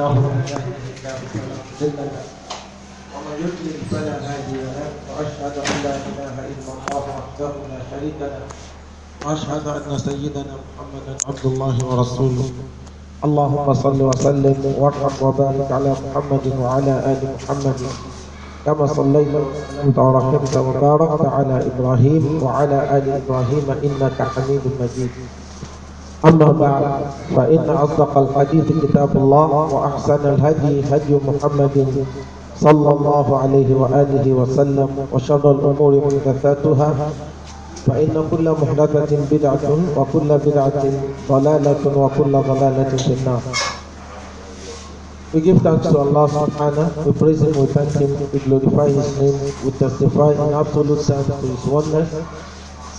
ومن يضلل فلا هادي له واشهد ان لا اله الا الله وحده لا شريك له واشهد ان سيدنا محمدا عبد الله ورسوله اللهم صل وسلم وارحم وبارك على محمد وعلى ال محمد كما صليت وباركت وباركت على ابراهيم وعلى ال ابراهيم انك حميد مجيد أما بعد فإن أصدق الحديث كتاب الله وأحسن الهدي هدي محمد صلى الله عليه وآله وسلم وشر الأمور محدثاتها فإن كل محدثة بدعة وكل بدعة ضلالة وكل ضلالة في النار We give thanks to Allah subhanahu, we praise Him, we thank Him, we glorify His name, we testify in absolute sense to His oneness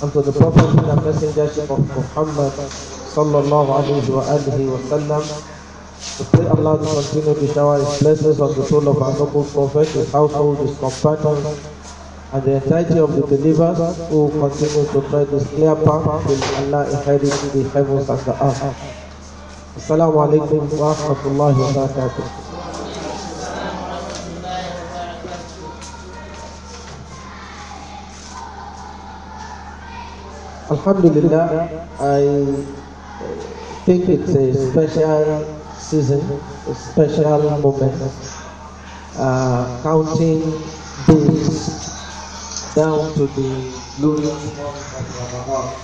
and to the Prophet and the Messenger of Muhammad sallallahu alayhi wa alihi wa sallam. To pray Allah to continue to shower His blessings on the soul of our noble prophet, his household, his companions, and the entirety of the believers who continue to pray this clear path till Allah inherit the heavens and the earth. Assalamu alaikum wa rahmatullahi wa barakatuh. Alhamdulillah, I think it's a special season, a special moment, uh, counting days down to the glorious month of Ramadan.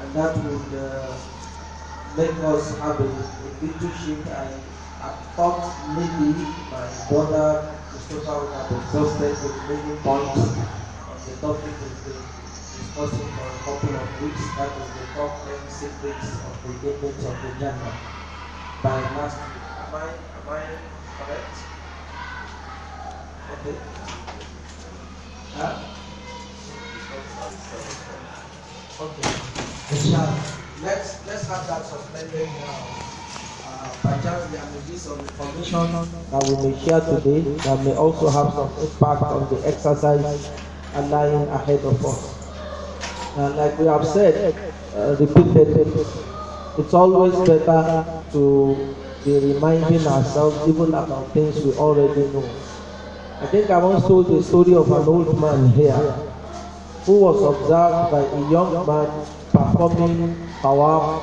And that would uh, make us have a, a leadership I thought maybe my brother Mustafa would have exhausted the many points on the topic of the also for a couple of weeks, that is the top 10 secrets of the index of the general. by last week. Am I, am I correct? Okay. Huh? Okay. let's let's have that suspended now. Uh, by chance, there may be some information that we may share today that may also have some impact on the exercise and lying ahead of us like we have said, uh, it's always better to be reminding ourselves even about things we already know. I think I once told the story of an old man here who was observed by a young man performing power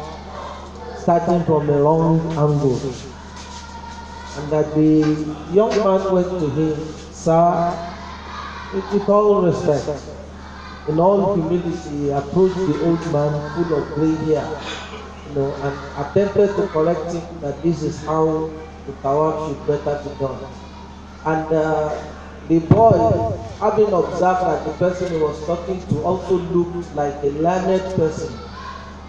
starting from a long angle. And that the young man went to him, Sir, with all respect, in all humility, he approached the old man full of gray hair, you know, and attempted to correct him that this is how the power should better be done. And uh, the boy, having observed that the person he was talking to also looked like a learned person,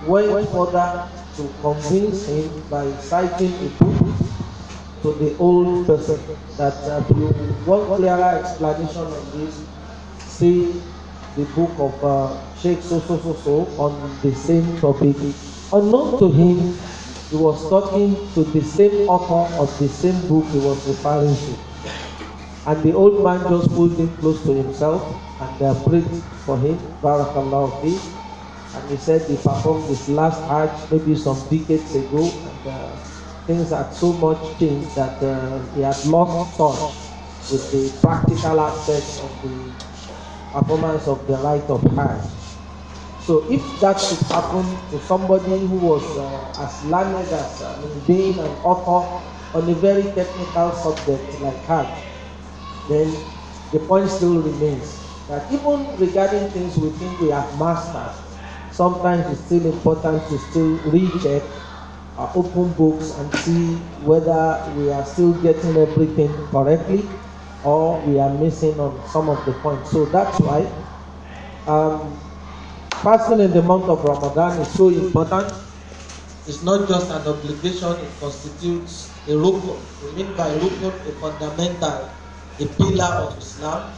went further to convince him by citing a book to the old person that uh, if you want clearer explanation of this, see the book of uh, Sheikh so so so so on the same topic. Unknown to him, he was talking to the same author of the same book he was referring to. And the old man just pulled him close to himself and they prayed for him, Barakallahu fi. And he said he performed his last Hajj maybe some decades ago and uh, things had so much changed that uh, he had lost touch with the practical aspects of the performance of the light of hand. So if that should happen to somebody who was uh, as learned as uh, I being an author on a very technical subject like art, then the point still remains that even regarding things we think we have mastered, sometimes it's still important to still recheck our open books and see whether we are still getting everything correctly or we are missing on some of the points. So that's why um, fasting in the month of Ramadan is so important. It's not just an obligation, it constitutes a rukun. We mean by rukun, a fundamental, a pillar of Islam,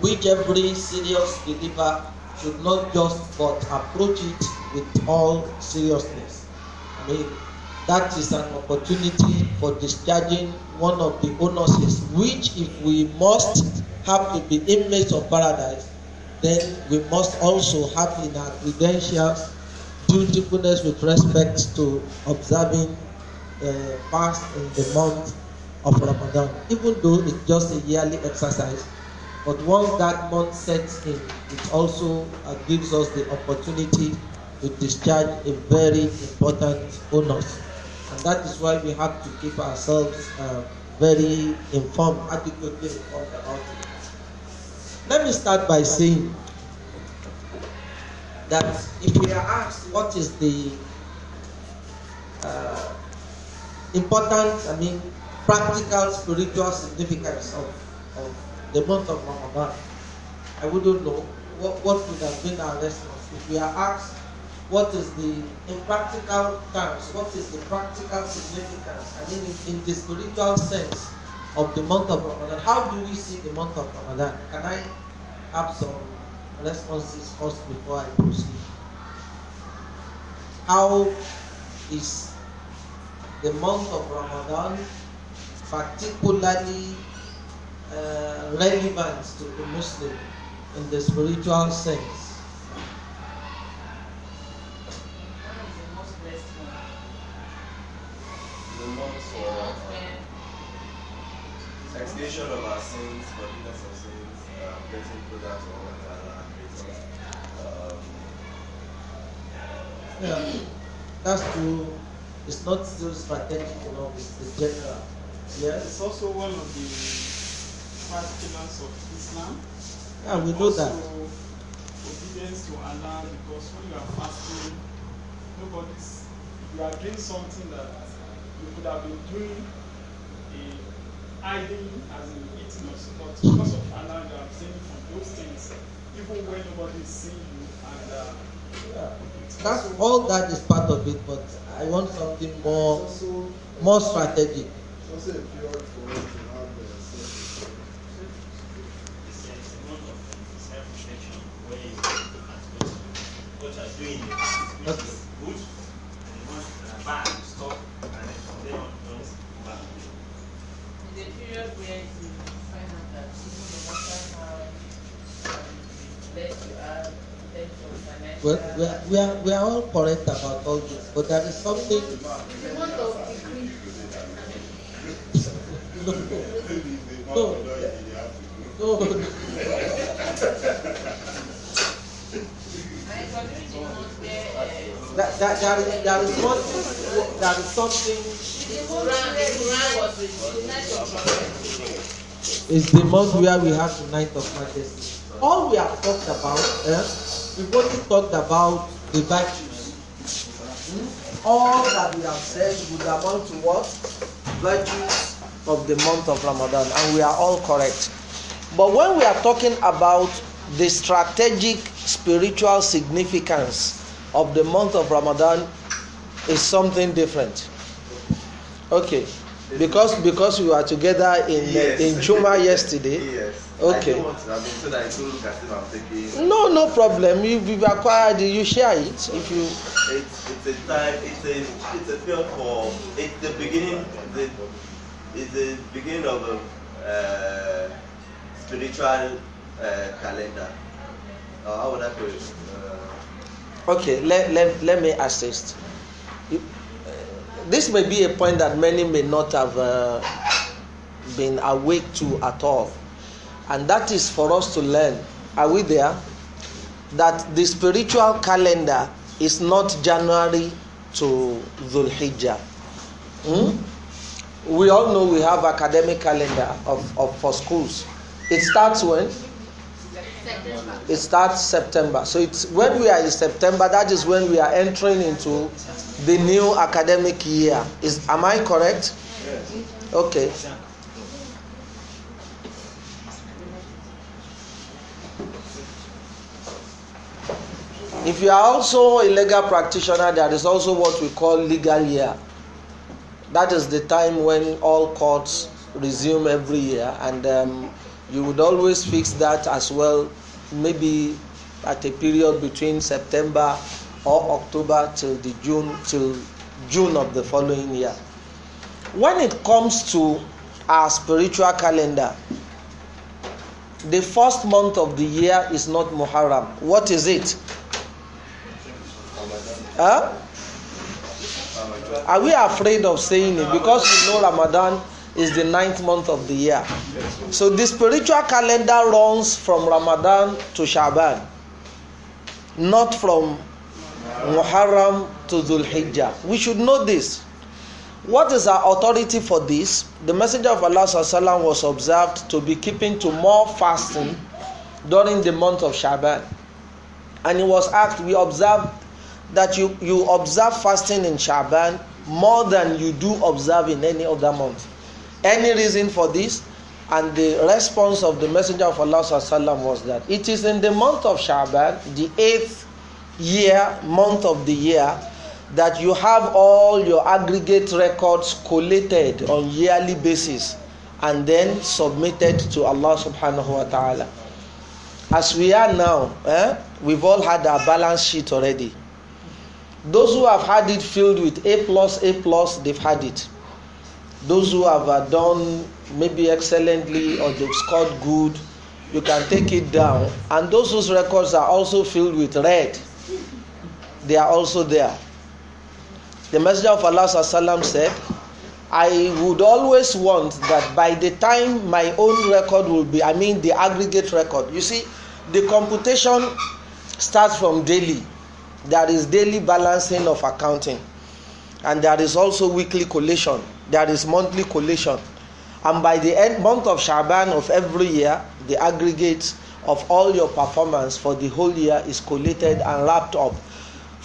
which every serious believer should not just but approach it with all seriousness. I mean, that is an opportunity for discharging one of the is which if we must have to be inmates of paradise, then we must also have in our credentials dutifulness with respect to observing the uh, fast in the month of Ramadan. Even though it's just a yearly exercise, but once that month sets in, it also uh, gives us the opportunity to discharge a very important onus. And that is why we have to keep ourselves uh, very informed, adequately informed about it. Let me start by saying that if we are asked what is the uh, important, I mean, practical spiritual significance of, of the month of Ramadan, I wouldn't know what, what would have been our response. If we are asked what is the, impractical terms, what is the practical significance, I mean in, in the spiritual sense of the month of Ramadan? How do we see the month of Ramadan? Can I have some responses first before I proceed? How is the month of Ramadan particularly uh, relevant to the Muslim in the spiritual sense? months for uh, expiation of our sins, forgiveness of sins, uh, blessing programs for one another, um, yeah, that's true. It's not just strategic, you know, it's the general. Yeah. It's also one of the five pillars of Islam. Yeah, we know that. Obedience to Allah, because when you are fasting, nobody's, you are doing something that could have been doing the hiding as in eating or not because of Allah you are saving from those things, even when nobody is seeing you and uh, yeah. That's all that is part of it, but I want something more also, more strategic. also a period for us to have the self reflection. It's a of you doing Well, we are, we, are, we are all correct about all this, but there is something. no, no, no. that, that, there, is, there, is one, there is something. It's the month where we have the night of majesty. All we have talked about eh, we've only talked about the virtues. Hmm? All that we have said would amount to what? Virtues of the month of Ramadan, and we are all correct. But when we are talking about the strategic spiritual significance of the month of Ramadan, is something different. Okay because because we were together in yes. uh, in Juma yesterday. Yes. Okay. No, no problem. You you acquired. You share it if you. It's it's a time. It's a it's a feel for it's the beginning. The it's the beginning of a uh, spiritual uh, calendar. Uh, how would I put it? Uh, okay. Let let let me assist. You, this may be a point that many may not have uh, been awake to at all. And that is for us to learn. Are we there? That the spiritual calendar is not January to Dhul Hijjah. Hmm? We all know we have academic calendar of, of for schools. It starts when? September. It starts September. So it's when we are in September, that is when we are entering into the new academic year. Is am I correct? Yes. Okay. If you are also a legal practitioner, that is also what we call legal year. That is the time when all courts resume every year, and um, you would always fix that as well, maybe at a period between September or October till the June till June of the following year. When it comes to our spiritual calendar, the first month of the year is not Muharram. What is it? Huh? Are we afraid of saying it? Because we know Ramadan is the ninth month of the year. So the spiritual calendar runs from Ramadan to Shaban, not from Muharram to Dhul Hijjah. We should know this. What is our authority for this? The Messenger of Allah was observed to be keeping to more fasting during the month of Shaban. And he was asked, We observed that you, you observe fasting in Shaban more than you do observe in any other month. Any reason for this? And the response of the Messenger of Allah was that it is in the month of Shaban, the eighth year, month of the year, that you have all your aggregate records collated on yearly basis and then submitted to Allah subhanahu wa ta'ala. As we are now, eh, we've all had our balance sheet already. Those who have had it filled with A plus, A plus, they've had it. Those who have uh, done maybe excellently or they've scored good, you can take it down. And those whose records are also filled with red, they are also there. The Messenger of Allah said, I would always want that by the time my own record will be, I mean the aggregate record. You see, the computation starts from daily. There is daily balancing of accounting, and there is also weekly collation. There is monthly collation, and by the end month of Shaban of every year, the aggregate of all your performance for the whole year is collated and wrapped up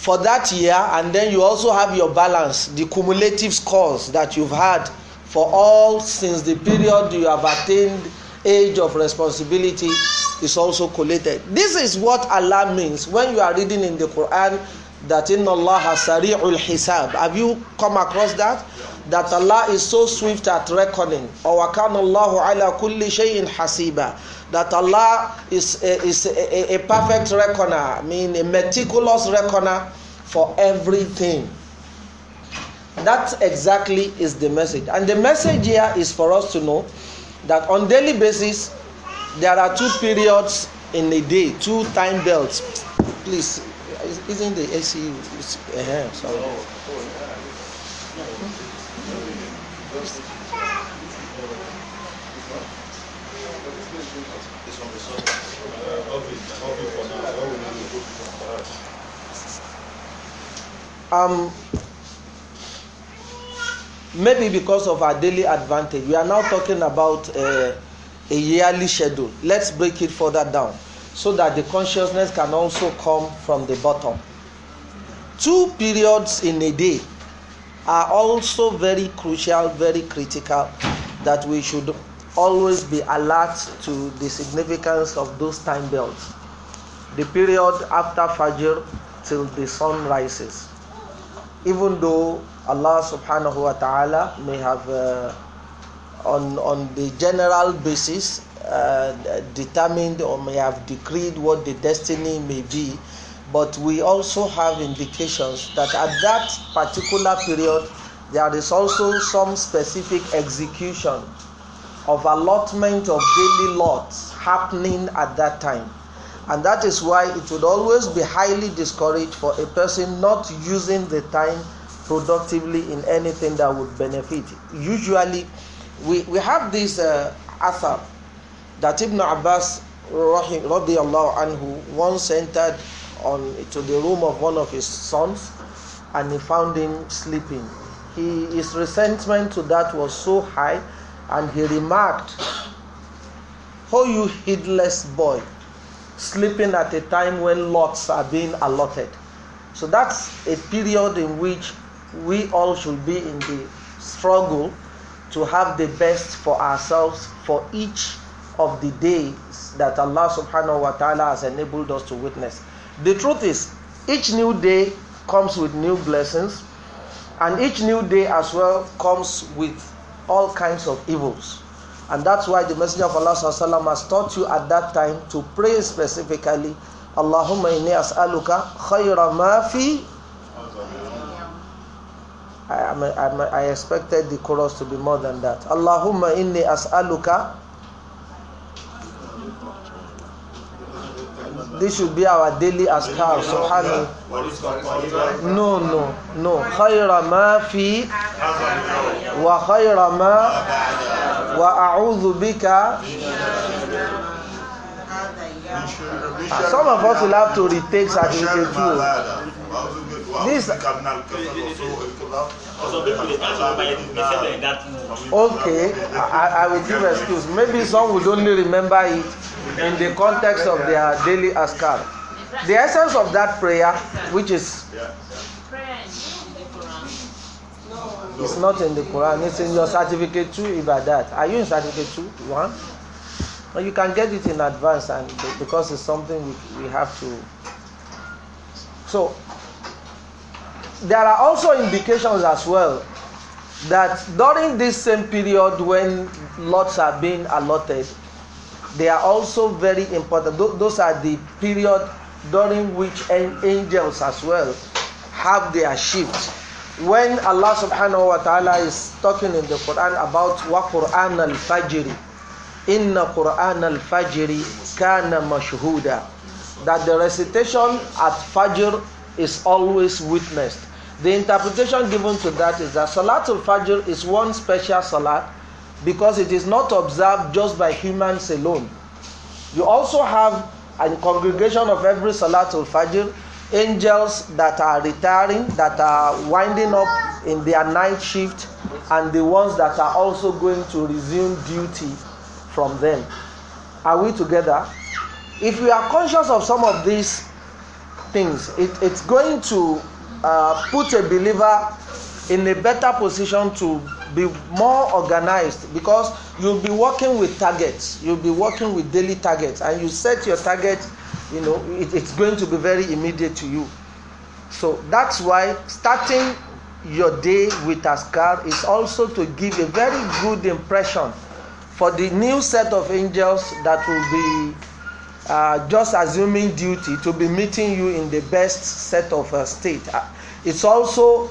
for that year and then you also have your balance the cumulative scores that you've had for all since the period you have attained age of responsibility is also collated this is what allah means when you are reading in the quran that in allah has sari'ul hisab have you come across that that allah is so swift at reckoning or kana allahu ala kulli shay'in hasiba that Allah is, a, is a, a, perfect reckoner, I mean a meticulous reckoner for everything. That exactly is the message. And the message here is for us to know that on daily basis there are two periods in a day, two time belts. Please, isn't the AC uh -huh, sorry. um maybe because of our daily advantage we are now talking about uh, a yearly schedule let's break it further down so that the consciousness can also come from the bottom two periods in a day are also very crucial very critical that we should always be alert to the significance of those time belts the period after fajr till the sun rises even though Allah subhanahu wa ta'ala may have uh, on, on the general basis uh, determined or may have decreed what the destiny may be, but we also have indications that at that particular period there is also some specific execution of allotment of daily lots happening at that time and that is why it would always be highly discouraged for a person not using the time productively in anything that would benefit usually we, we have this uh, author that ibn abbas anhu once entered on to the room of one of his sons and he found him sleeping he, his resentment to that was so high and he remarked oh you heedless boy sleeping at a time when lots are being allotted. So that's a period in which we all should be in the struggle to have the best for ourselves for each of the days that Allah subhanahu wa ta'ala has enabled us to witness. The truth is, each new day comes with new blessings, and each new day as well comes with all kinds of evils. And that's why the Messenger of Allah وسلم, has taught you at that time to pray specifically, Allahumma inni as'aluka khayra ma fi. I, I, I expected the chorus to be more than that. Allahumma inni as'aluka This should be our daily askar. Subhanahu. No, no, no. Khayra ma fi wa khayra ma wa a'udhu bika. Ah, some of us will have to retake certificate too. okay, I, I will give excuse. Maybe some would only remember it in the context of their daily askar. The essence of that prayer, which is it's not in the Quran, it's in your certificate too, if that. Are you in certificate two? One? Well, you can get it in advance and because it's something we, we have to so there are also indications as well that during this same period when lots are being allotted, they are also very important. Those are the period during which angels as well have their shifts. When Allah subhanahu wa ta'ala is talking in the Quran about wa Quran al Fajri, inna Quran al Fajri kana mashhuda, that the recitation at Fajr is always witnessed. The interpretation given to that is that Salatul Fajr is one special salat because it is not observed just by humans alone. You also have a congregation of every Salatul Fajr, angels that are retiring, that are winding up in their night shift, and the ones that are also going to resume duty from them. Are we together? If we are conscious of some of these things, it, it's going to Uh, put a believer in a better position to be more organized because you'll be working with targets you'll be working with daily targets and you set your target you know it, it's going to be very immediate to you so that's why starting your day with askar is also to give a very good impression for the new set of angels that will be uh, just assuming duty to be meeting you in the best set of uh, state. Uh, it's also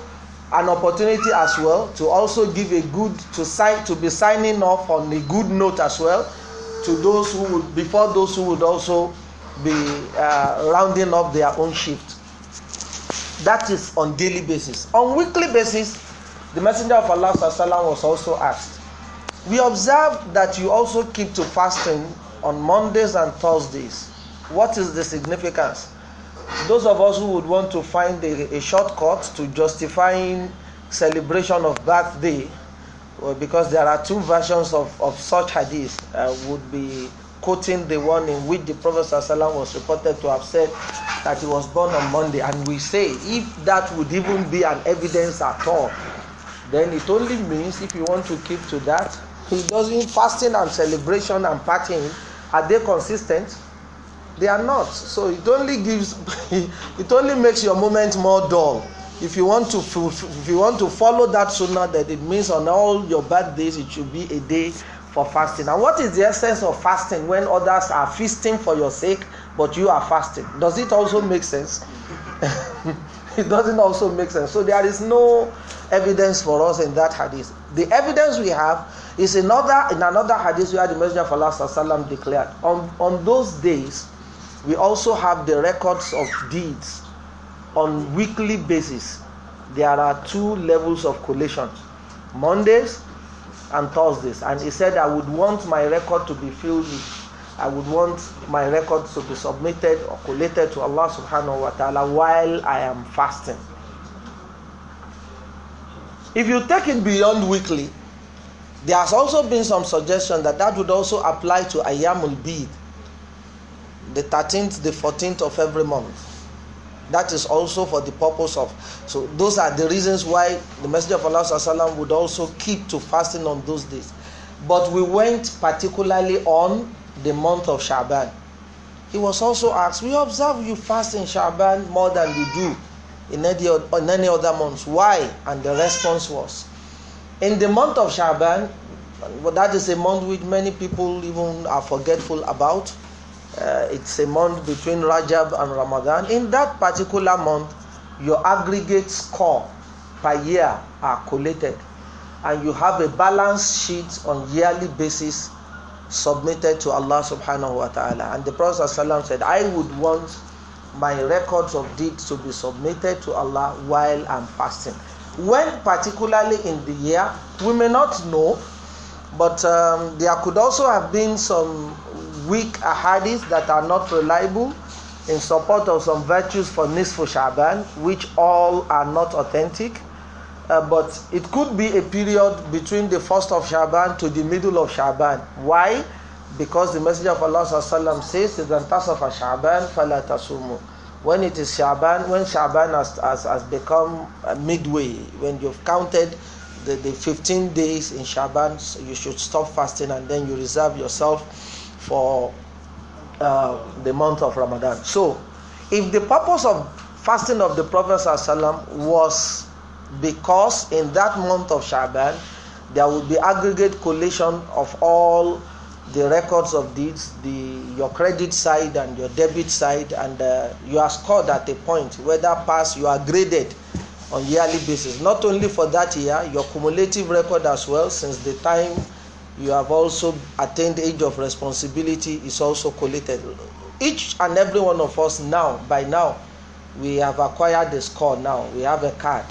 an opportunity as well to also give a good to sign to be signing off on a good note as well to those who would before those who would also be uh, rounding up their own shift. That is on daily basis. On weekly basis, the Messenger of Allah was also asked. We observe that you also keep to fasting on Mondays and Thursdays. What is the significance? Those of us who would want to find a, a shortcut to justifying celebration of birthday, well, because there are two versions of, of such hadith, uh, would be quoting the one in which the Prophet ﷺ was reported to have said that he was born on Monday. And we say, if that would even be an evidence at all, then it only means if you want to keep to that, he doesn't fasting and celebration and partying Are they consistent? They are not. So it only gives, it only makes your moment more dull. If you want to, if you want to follow that sunnah, that it means on all your bad days it should be a day for fasting. And what is the essence of fasting when others are feasting for your sake, but you are fasting? Does it also make sense? it doesn't also make sense. So there is no evidence for us in that hadith. The evidence we have It's another in another hadith where the Messenger of Allah declared, on, on those days, we also have the records of deeds on weekly basis. There are two levels of collation, Mondays and Thursdays. And he said, I would want my record to be filled with I would want my records to be submitted or collated to Allah subhanahu wa ta'ala while I am fasting. If you take it beyond weekly, There has also been some suggestion that that would also apply to Ayamul Bid, the 13th, the 14th of every month. That is also for the purpose of. So those are the reasons why the Messenger of Allah sallam, would also keep to fasting on those days. But we went particularly on the month of Shaban. He was also asked, We observe you fast in Shaban more than you do in any, in any other months. Why? And the response was, in the month of Shaban, that is a month which many people even are forgetful about. Uh, it's a month between Rajab and Ramadan. In that particular month, your aggregate score per year are collated, and you have a balance sheet on yearly basis submitted to Allah Subhanahu wa Taala. And the Prophet said, "I would want my records of deeds to be submitted to Allah while I'm fasting." when particularly in the year we may not know but um, there could also have been some weak ahadis that are not reliable in support of some virtues for Nisfu Shaban, which all are not authentic. Uh, but it could be a period between the first of Shaban to the middle of Shaban. Why? Because the Messenger of Allah says, "Idan tasafa Shaban, when it is Shaban, when Shaban has, has, has become uh, midway, when you've counted the, the 15 days in Shaban, you should stop fasting and then you reserve yourself for uh, the month of Ramadan. So, if the purpose of fasting of the Prophet was because in that month of Shaban, there would be aggregate collation of all the records of deeds, the your credit side and your debit side, and uh, you are scored at a point. Whether pass, you are graded on yearly basis. Not only for that year, your cumulative record as well, since the time you have also attained age of responsibility, is also collated. Each and every one of us now, by now, we have acquired the score. Now we have a card.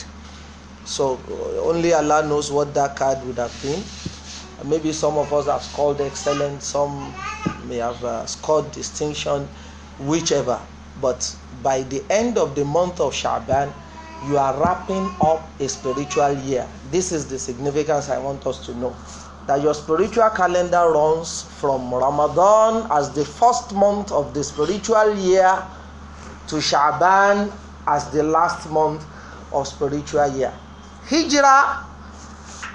So only Allah knows what that card would have been. Maybe some of us have scored excellent, some may have uh, scored distinction, whichever. But by the end of the month of Shaban, you are wrapping up a spiritual year. This is the significance I want us to know. That your spiritual calendar runs from Ramadan as the first month of the spiritual year to Shaban as the last month of spiritual year. Hijrah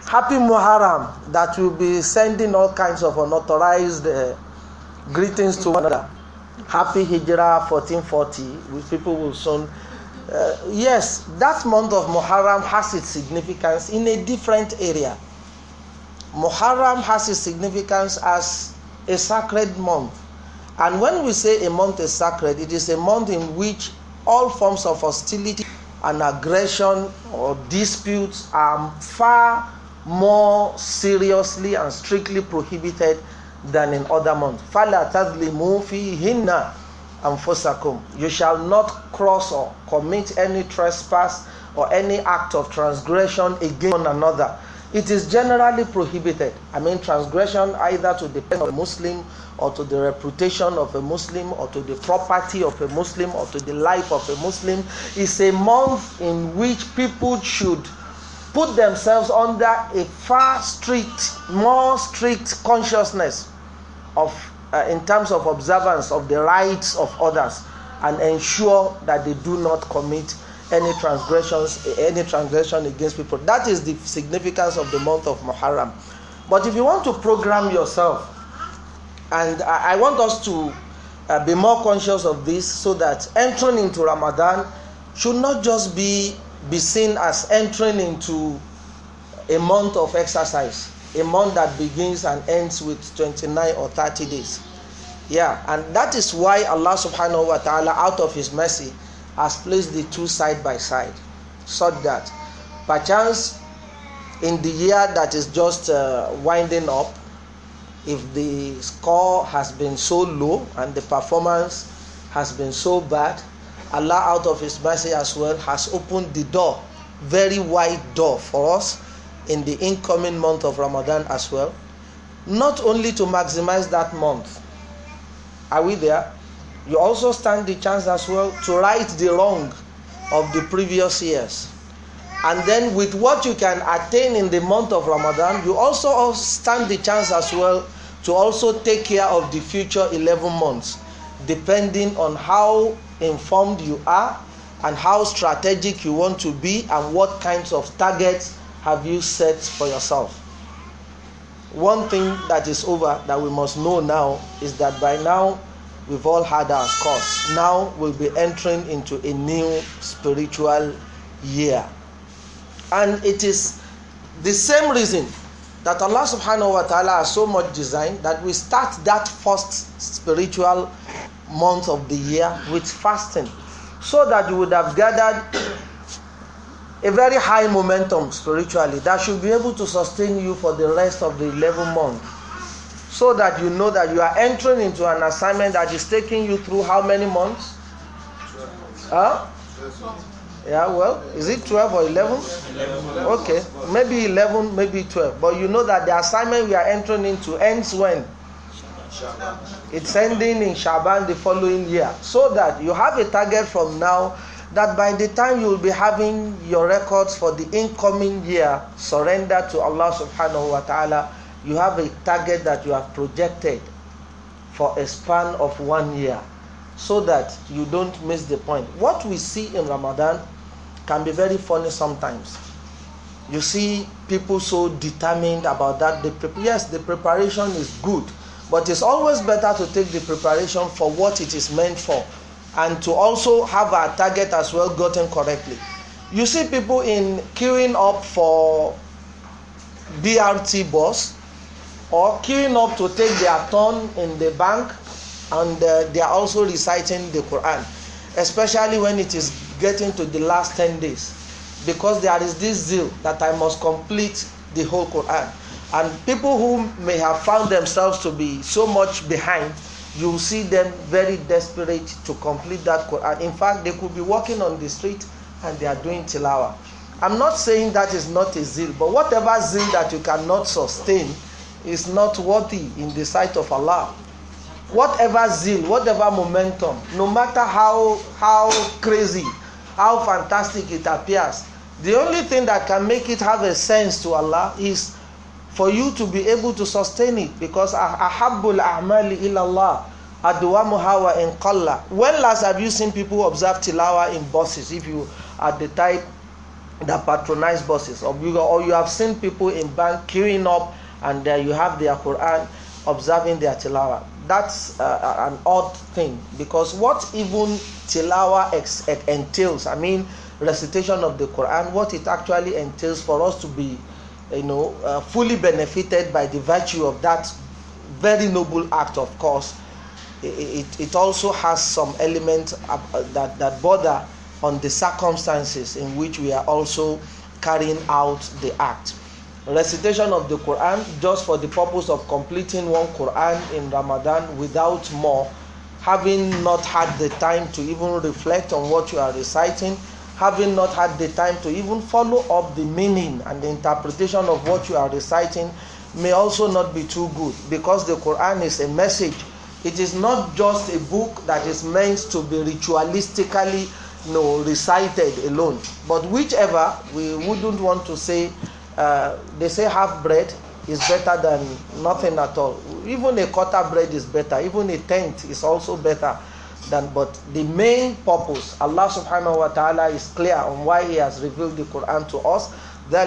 happy muharram that you be sending all kinds of unauthorized uh, greetings to one another happy hijrah forty. which people will soon uh, yes that month of muharram has its significance in a different area muharram has its significance as a sacred month and when we say a month is sacred it is a month in which all forms of hostility and aggression or disputes are far more seriously and strictly prohibited than in other months. فَلَا تَظْلِمُوا فِيهِنَّ أَنفُسَكُمْ You shall not cross or commit any trespass or any act of transgression against one another. It is generally prohibited. I mean, transgression either to the person of a Muslim or to the reputation of a Muslim or to the property of a Muslim or to the life of a Muslim is a month in which people should put themselves under a far strict, more strict consciousness of, uh, in terms of observance of the rights of others, and ensure that they do not commit any transgressions, any transgression against people. That is the significance of the month of Muharram. But if you want to program yourself, and I, I want us to uh, be more conscious of this, so that entering into Ramadan should not just be be seen as entering into a month of exercise, a month that begins and ends with 29 or 30 days. Yeah, and that is why Allah subhanahu wa ta'ala, out of His mercy, has placed the two side by side, so that perchance in the year that is just uh, winding up, if the score has been so low and the performance has been so bad, Allah, out of His mercy as well, has opened the door, very wide door for us in the incoming month of Ramadan as well. Not only to maximize that month, are we there? You also stand the chance as well to right the wrong of the previous years. And then, with what you can attain in the month of Ramadan, you also stand the chance as well to also take care of the future 11 months, depending on how informed you are and how strategic you want to be and what kinds of targets have you set for yourself one thing that is over that we must know now is that by now we've all had our course now we'll be entering into a new spiritual year and it is the same reason that Allah subhanahu wa ta'ala has so much designed that we start that first spiritual month of the year with fasting so that you would have gathered a very high momentum spiritually that should be able to sustain you for the rest of the 11 months so that you know that you are entering into an assignment that is taking you through how many months? Ah? Huh? Yeah, well, is it 12 or 11? 11? Okay, maybe 11, maybe 12. But you know that the assignment we are entering into ends when? It's ending in Shaban the following year. So that you have a target from now that by the time you will be having your records for the incoming year surrender to Allah subhanahu wa ta'ala, you have a target that you have projected for a span of one year so that you don't miss the point. What we see in Ramadan can be very funny sometimes. You see people so determined about that. Yes, the preparation is good But it's always better to take the preparation for what it is meant for and to also have our target as well gotten correctly. You see people in queuing up for BRT bus or queuing up to take their turn in the bank and uh, they are also reciting the Quran, especially when it is getting to the last ten days because there is this zeal that I must complete the whole Quran And people who may have found themselves to be so much behind, you see them very desperate to complete that Quran. In fact, they could be walking on the street and they are doing tilawa. I'm not saying that is not a zeal, but whatever zeal that you cannot sustain is not worthy in the sight of Allah. Whatever zeal, whatever momentum, no matter how how crazy, how fantastic it appears, the only thing that can make it have a sense to Allah is for you to be able to sustain it because ahabbul a'mali ilallah adwamuha wa inqalla when last have you seen people observe tilawa in buses if you are the type that patronize buses or you, have seen people in bank queuing up and you have their quran observing their tilawa that's uh, an odd thing because what even tilawa ex- entails i mean recitation of the quran what it actually entails for us to be you know, uh, fully benefited by the virtue of that very noble act, of course, it, it, it also has some element uh, that, that border on the circumstances in which we are also carrying out the act. Recitation of the Quran just for the purpose of completing one Quran in Ramadan without more, having not had the time to even reflect on what you are reciting having not had the time to even follow up the meaning and the interpretation of what you are reciting may also not be too good because the Quran is a message. It is not just a book that is meant to be ritualistically you know, recited alone. But whichever, we wouldn't want to say, uh, they say half bread is better than nothing at all. Even a quarter bread is better, even a tenth is also better than but the main purpose Allah subhanahu wa ta'ala is clear on why he has revealed the Quran to us The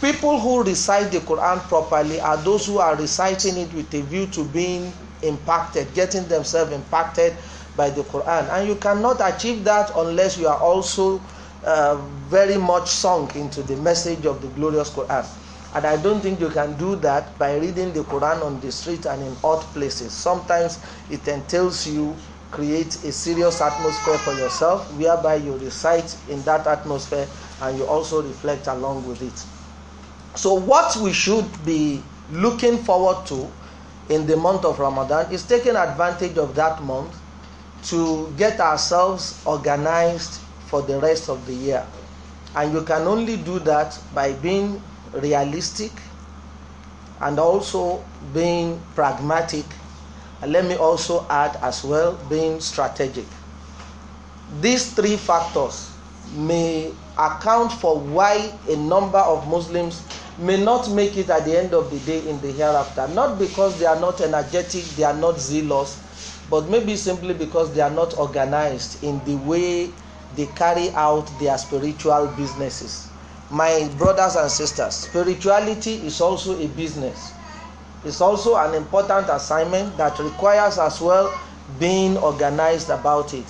people who recite the Quran properly are those who are reciting it with a view to being impacted, getting themselves impacted by the Quran. And you cannot achieve that unless you are also uh, very much sunk into the message of the glorious Quran. And I don't think you can do that by reading the Quran on the street and in odd places. Sometimes it entails you create a serious atmosphere for yourself whereby you recite in that atmosphere and you also reflect along with it. So, what we should be looking forward to in the month of Ramadan is taking advantage of that month to get ourselves organized for the rest of the year. And you can only do that by being realistic and also being pragmatic. And let me also add as well being strategic. These three factors may account for why a number of Muslims may not make it at the end of the day in the hereafter. Not because they are not energetic, they are not zealous, but maybe simply because they are not organized in the way they carry out their spiritual businesses my brothers and sisters spirituality is also a business it's also an important assignment that requires as well being organized about it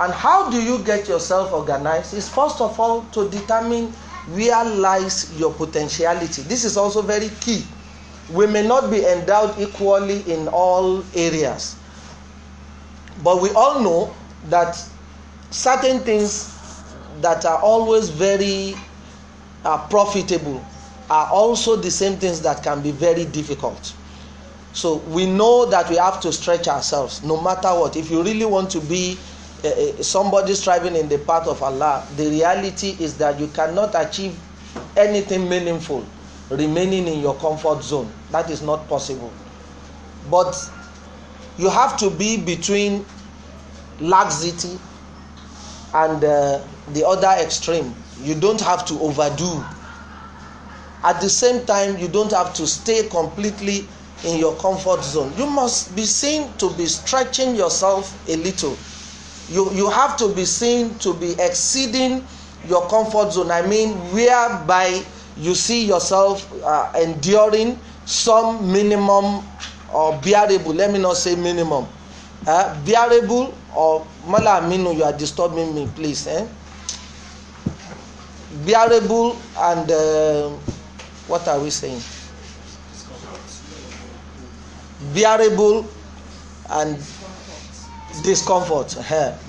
and how do you get yourself organized is first of all to determine where lies your potentiality this is also very key we may not be endowed equally in all areas but we all know that certain things that are always very are profitable are also the same things that can be very difficult. So we know that we have to stretch ourselves no matter what. If you really want to be uh, somebody striving in the path of Allah, the reality is that you cannot achieve anything meaningful remaining in your comfort zone. That is not possible. But you have to be between laxity and uh, the other extreme you don't have to overdo at the same time you don't have to stay completely in your comfort zone you must be seen to be stretching yourself a little you you have to be seen to be exceeding your comfort zone i mean whereby you see yourself uh, enduring some minimum or bearable let me not say minimum uh, bearable or mala aminu you are disturbing me please eh? bearable and uh, what are we saying? Bearable and discomfort.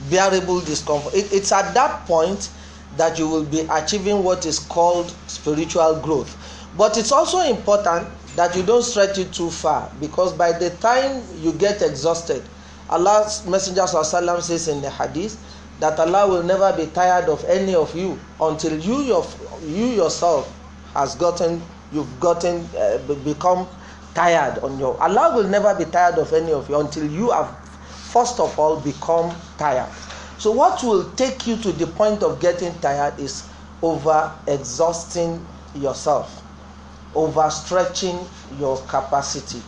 bearable discomfort. It, it's at that point that you will be achieving what is called spiritual growth. But it's also important that you don't stretch it too far because by the time you get exhausted, Allah's Messenger says in the hadith that Allah will never be tired of any of you until you, your, you yourself has gotten you've gotten uh, become tired on your Allah will never be tired of any of you until you have first of all become tired. So what will take you to the point of getting tired is over exhausting yourself, overstretching your capacity.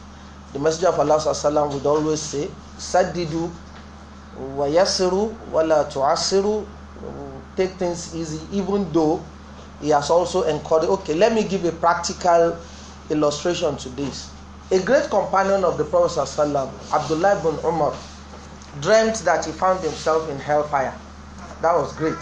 The Messenger of Allah would always say, Sadidu وَيَسِرُ وَلَا تُعَسِرُ Take things easy, even though he has also encouraged. Okay, let me give a practical illustration to this. A great companion of the Prophet, Abdullah ibn Umar, dreamt that he found himself in hellfire. That was great.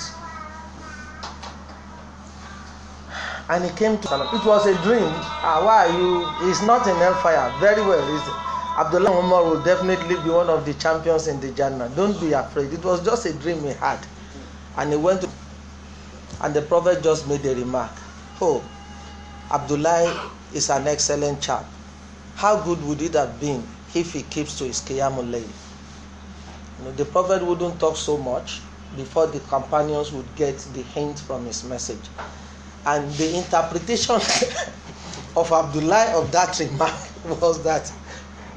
And he came to It was a dream. Ah, why are you? He's not in hellfire. Very well, is it? Abdullah Omar will definitely be one of the champions in the Jannah. Don't be afraid. It was just a dream he had. And he went to, and the Prophet just made a remark. Oh, Abdullah is an excellent chap. How good would it have been if he keeps to his Qiyamul You know, the Prophet wouldn't talk so much before the companions would get the hint from his message. And the interpretation of Abdullah of that remark was that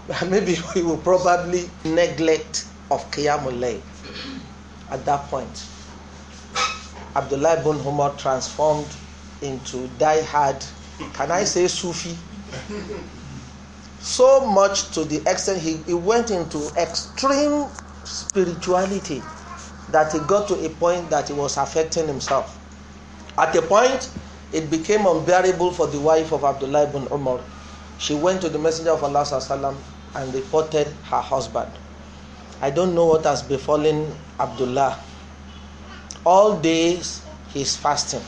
maybe we will probably neglect of Qiyamul at that point. Abdullah ibn Umar transformed into die-hard, can I say Sufi? so much to the extent he, he went into extreme spirituality that he got to a point that he was affecting himself. At a point, it became unbearable for the wife of Abdullah ibn Umar. She went to the Messenger of Allah and reported her husband. I don't know what has befallen Abdullah. All days he's fasting.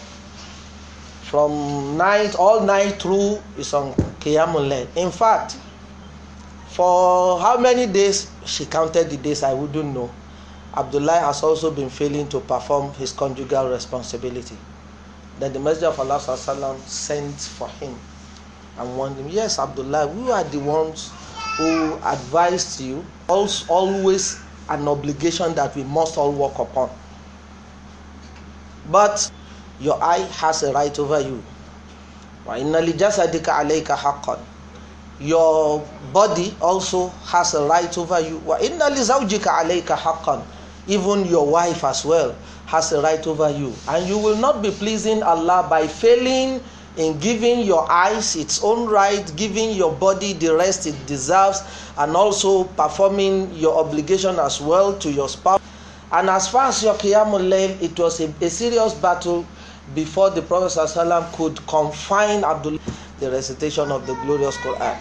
From night, all night through, is on Qiyamul In fact, for how many days she counted the days, I wouldn't know. Abdullah has also been failing to perform his conjugal responsibility. Then the Messenger of Allah sent for him and warned him, Yes, Abdullah, we are the ones who advised you also always an obligation that we must all work upon but your eye has a right over you وإن لجسدك عليك حقا your body also has a right over you وإن لزوجك عليك حقا even your wife as well has a right over you and you will not be pleasing Allah by failing in giving your eyes its own right, giving your body the rest it deserves, and also performing your obligation as well to your spouse. And as far as your Qiyamul it was a, a, serious battle before the Prophet ﷺ could confine Abdullah the recitation of the glorious Quran.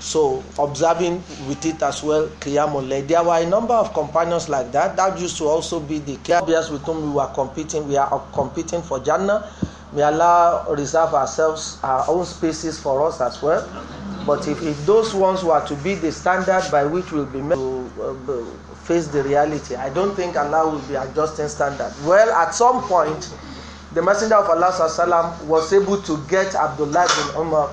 So, observing with it as well, Qiyamul There were a number of companions like that. That used to also be the Qiyamul with whom we were competing. We are competing for Jannah May Allah reserve ourselves our own spaces for us as well. But if, if those ones were to be the standard by which we'll be made to uh, face the reality, I don't think Allah will be adjusting standard. Well, at some point, the Messenger of Allah sallam, was able to get Abdullah bin Umar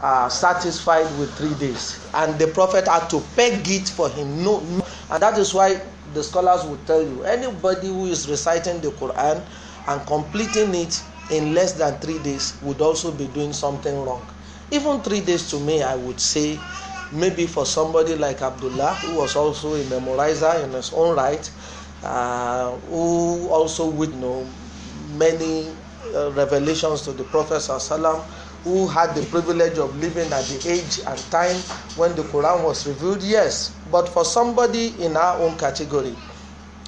uh, satisfied with three days. And the Prophet had to peg it for him. No, no. And that is why the scholars would tell you anybody who is reciting the Quran and completing it in less than three days would also be doing something wrong. Even three days to me, I would say, maybe for somebody like Abdullah, who was also a memorizer in his own right, uh, who also would know many uh, revelations to the Prophet Sallallahu who had the privilege of living at the age and time when the Quran was revealed, yes. But for somebody in our own category,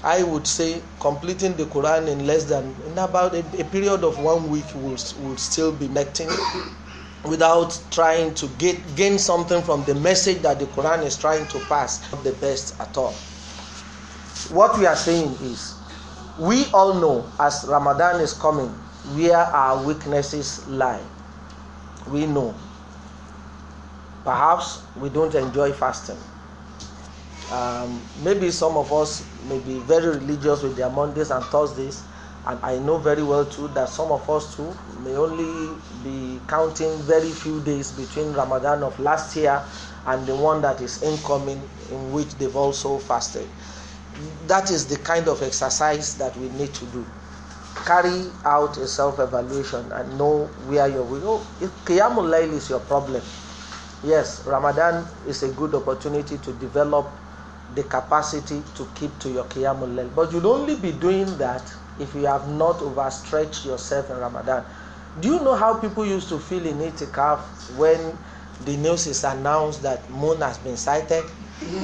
I would say completing the Quran in less than in about a, a period of one week would would still be nothing without trying to get gain something from the message that the Quran is trying to pass not the best at all. What we are saying is we all know as Ramadan is coming where our weaknesses lie. We know. Perhaps we don't enjoy fasting um, maybe some of us may be very religious with their Mondays and Thursdays, and I know very well too that some of us too may only be counting very few days between Ramadan of last year and the one that is incoming, in which they've also fasted. That is the kind of exercise that we need to do. Carry out a self evaluation and know where you will. with. Oh, if Qiyamul Layl is your problem, yes, Ramadan is a good opportunity to develop the capacity to keep to your Qiyamul Layl. But you'll only be doing that if you have not overstretched yourself in Ramadan. Do you know how people used to feel in itikaf when the news is announced that moon has been sighted?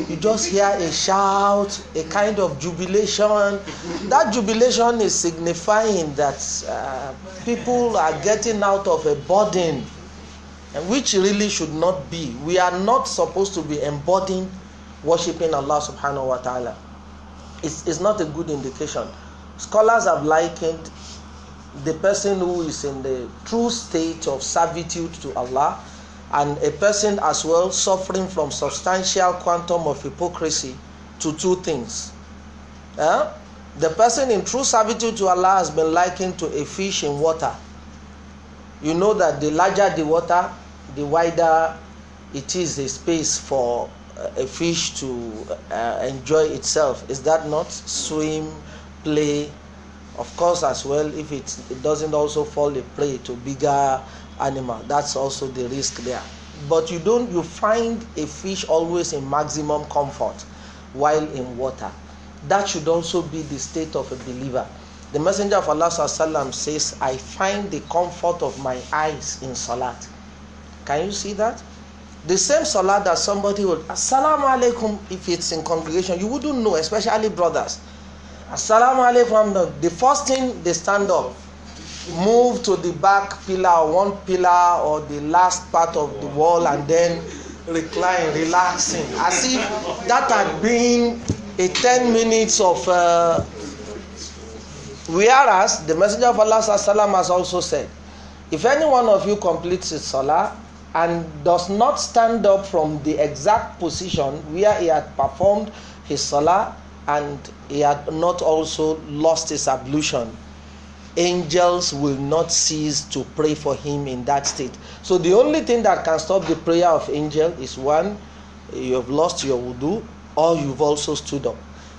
You just hear a shout, a kind of jubilation. That jubilation is signifying that uh, people are getting out of a burden, which really should not be. We are not supposed to be embodying worshipping Allah subhanahu wa ta'ala. It's, it's not a good indication. Scholars have likened the person who is in the true state of servitude to Allah and a person as well suffering from substantial quantum of hypocrisy to two things. Eh? The person in true servitude to Allah has been likened to a fish in water. You know that the larger the water, the wider it is the space for a fish to uh, enjoy itself. Is that not swim, play? Of course, as well, if it, it doesn't also fall a prey to bigger animal, that's also the risk there. But you don't you find a fish always in maximum comfort while in water. That should also be the state of a believer. The Messenger of Allah says, I find the comfort of my eyes in Salat. Can you see that? The same salah that somebody would, Assalamu alaikum, if it's in congregation, you wouldn't know, especially brothers. Assalamu alaikum, the first thing they stand up, move to the back pillar, one pillar, or the last part of the wall, and then recline, relaxing, as if that had been a 10 minutes of. Uh, whereas the Messenger of Allah has also said, if any one of you completes his salah, and does not stand up from the exact position where he had performed his salah and he had not also lost his ablution angels will not cease to pray for him in that state so the only thing that can stop the prayer of angel is one you have lost your wudu or you've also stood up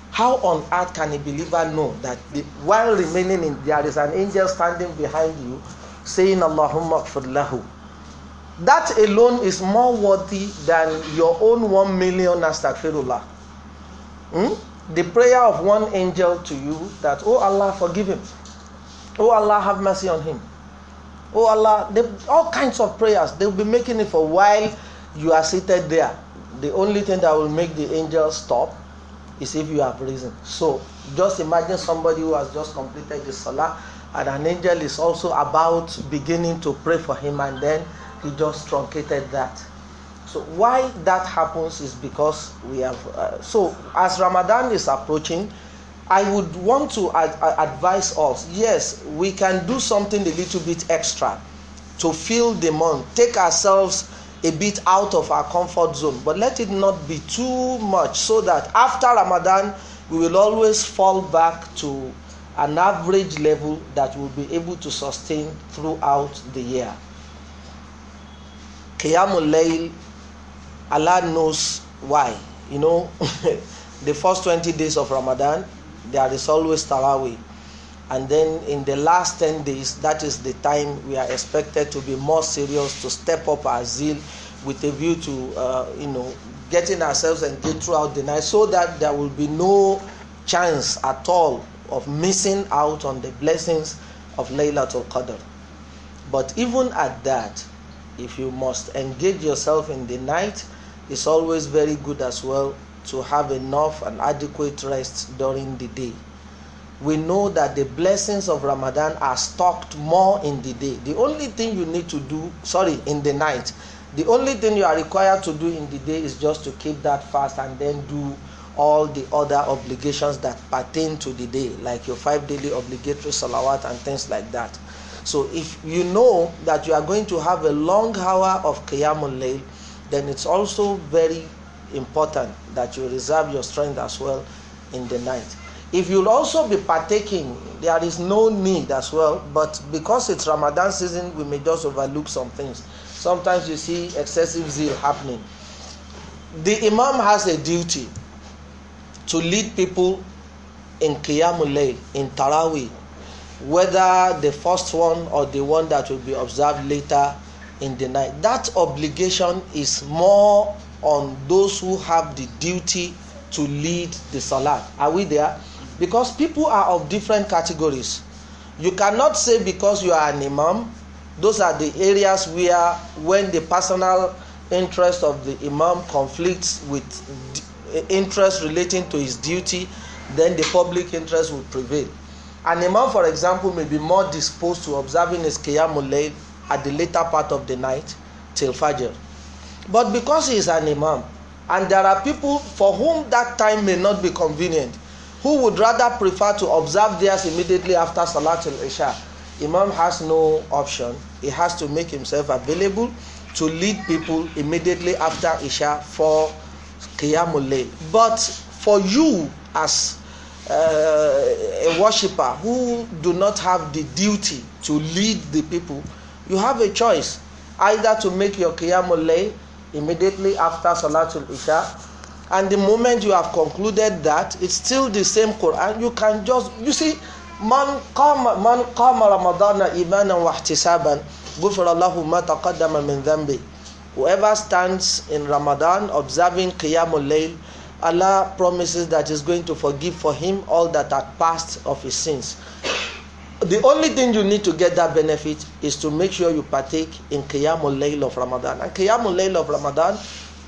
how on earth can a believer know that the, while remaining in there is an angel standing behind you saying allahumma lahu that alone is more worthy than your own one million astagfirullah. Hmm? The prayer of one angel to you that, oh Allah, forgive him. Oh Allah, have mercy on him. Oh Allah, they, all kinds of prayers. They'll be making it for a while you are seated there. The only thing that will make the angel stop is if you have risen. So just imagine somebody who has just completed the salah and an angel is also about beginning to pray for him and then he just truncated that so why that happens is because we have uh, so as ramadan is approaching i would want to ad- uh, advise us yes we can do something a little bit extra to fill the month take ourselves a bit out of our comfort zone but let it not be too much so that after ramadan we will always fall back to an average level that we'll be able to sustain throughout the year Qiyamul Layl, Allah knows why. You know, the first 20 days of Ramadan, there is always Taraweeh. And then in the last 10 days, that is the time we are expected to be more serious, to step up our zeal with a view to, uh, you know, getting ourselves engaged throughout the night so that there will be no chance at all of missing out on the blessings of Laylatul Qadr. But even at that, if you must engage yourself in the night, it's always very good as well to have enough and adequate rest during the day. We know that the blessings of Ramadan are stocked more in the day. The only thing you need to do, sorry, in the night, the only thing you are required to do in the day is just to keep that fast and then do all the other obligations that pertain to the day, like your five daily obligatory salawat and things like that. So if you know that you are going to have a long hour of Qiyamul Layl, then it's also very important that you reserve your strength as well in the night. If you'll also be partaking, there is no need as well, but because it's Ramadan season, we may just overlook some things. Sometimes you see excessive zeal happening. The Imam has a duty to lead people in Qiyamul Layl, in Taraweeh, whether the first one or the one that will be observed later in the night. That obligation is more on those who have the duty to lead the salat. Are we there? Because people are of different categories. You cannot say because you are an imam, those are the areas where when the personal interest of the imam conflicts with interest relating to his duty, then the public interest will prevail. An imam, for example, may be more disposed to observing his Qiyamul at the later part of the night till Fajr. But because he is an imam, and there are people for whom that time may not be convenient, who would rather prefer to observe theirs immediately after salat al Isha, Imam has no option. He has to make himself available to lead people immediately after Isha for Qiyamul Layl. But for you as uh, a worshiper who do not have the duty to lead the people, you have a choice either to make your Qiyamul immediately after Salatul Isha and the moment you have concluded that it's still the same Quran you can just you see man qama man qama ramadana imanan wa ihtisaban ghufira lahu ma taqaddama min dhanbi whoever stands in Ramadan observing Qiyamul Layl Allah promises that He's going to forgive for him all that are past of his sins. The only thing you need to get that benefit is to make sure you partake in Qiyamul Layl of Ramadan. And Qiyamul Layl of Ramadan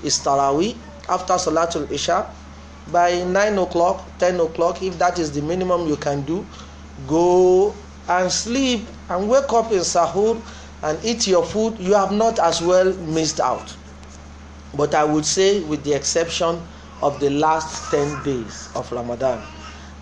is Taraweeh after Salatul Isha. By 9 o'clock, 10 o'clock, if that is the minimum you can do, go and sleep and wake up in Sahur and eat your food. You have not as well missed out. But I would say, with the exception, of the last ten days of Ramadan.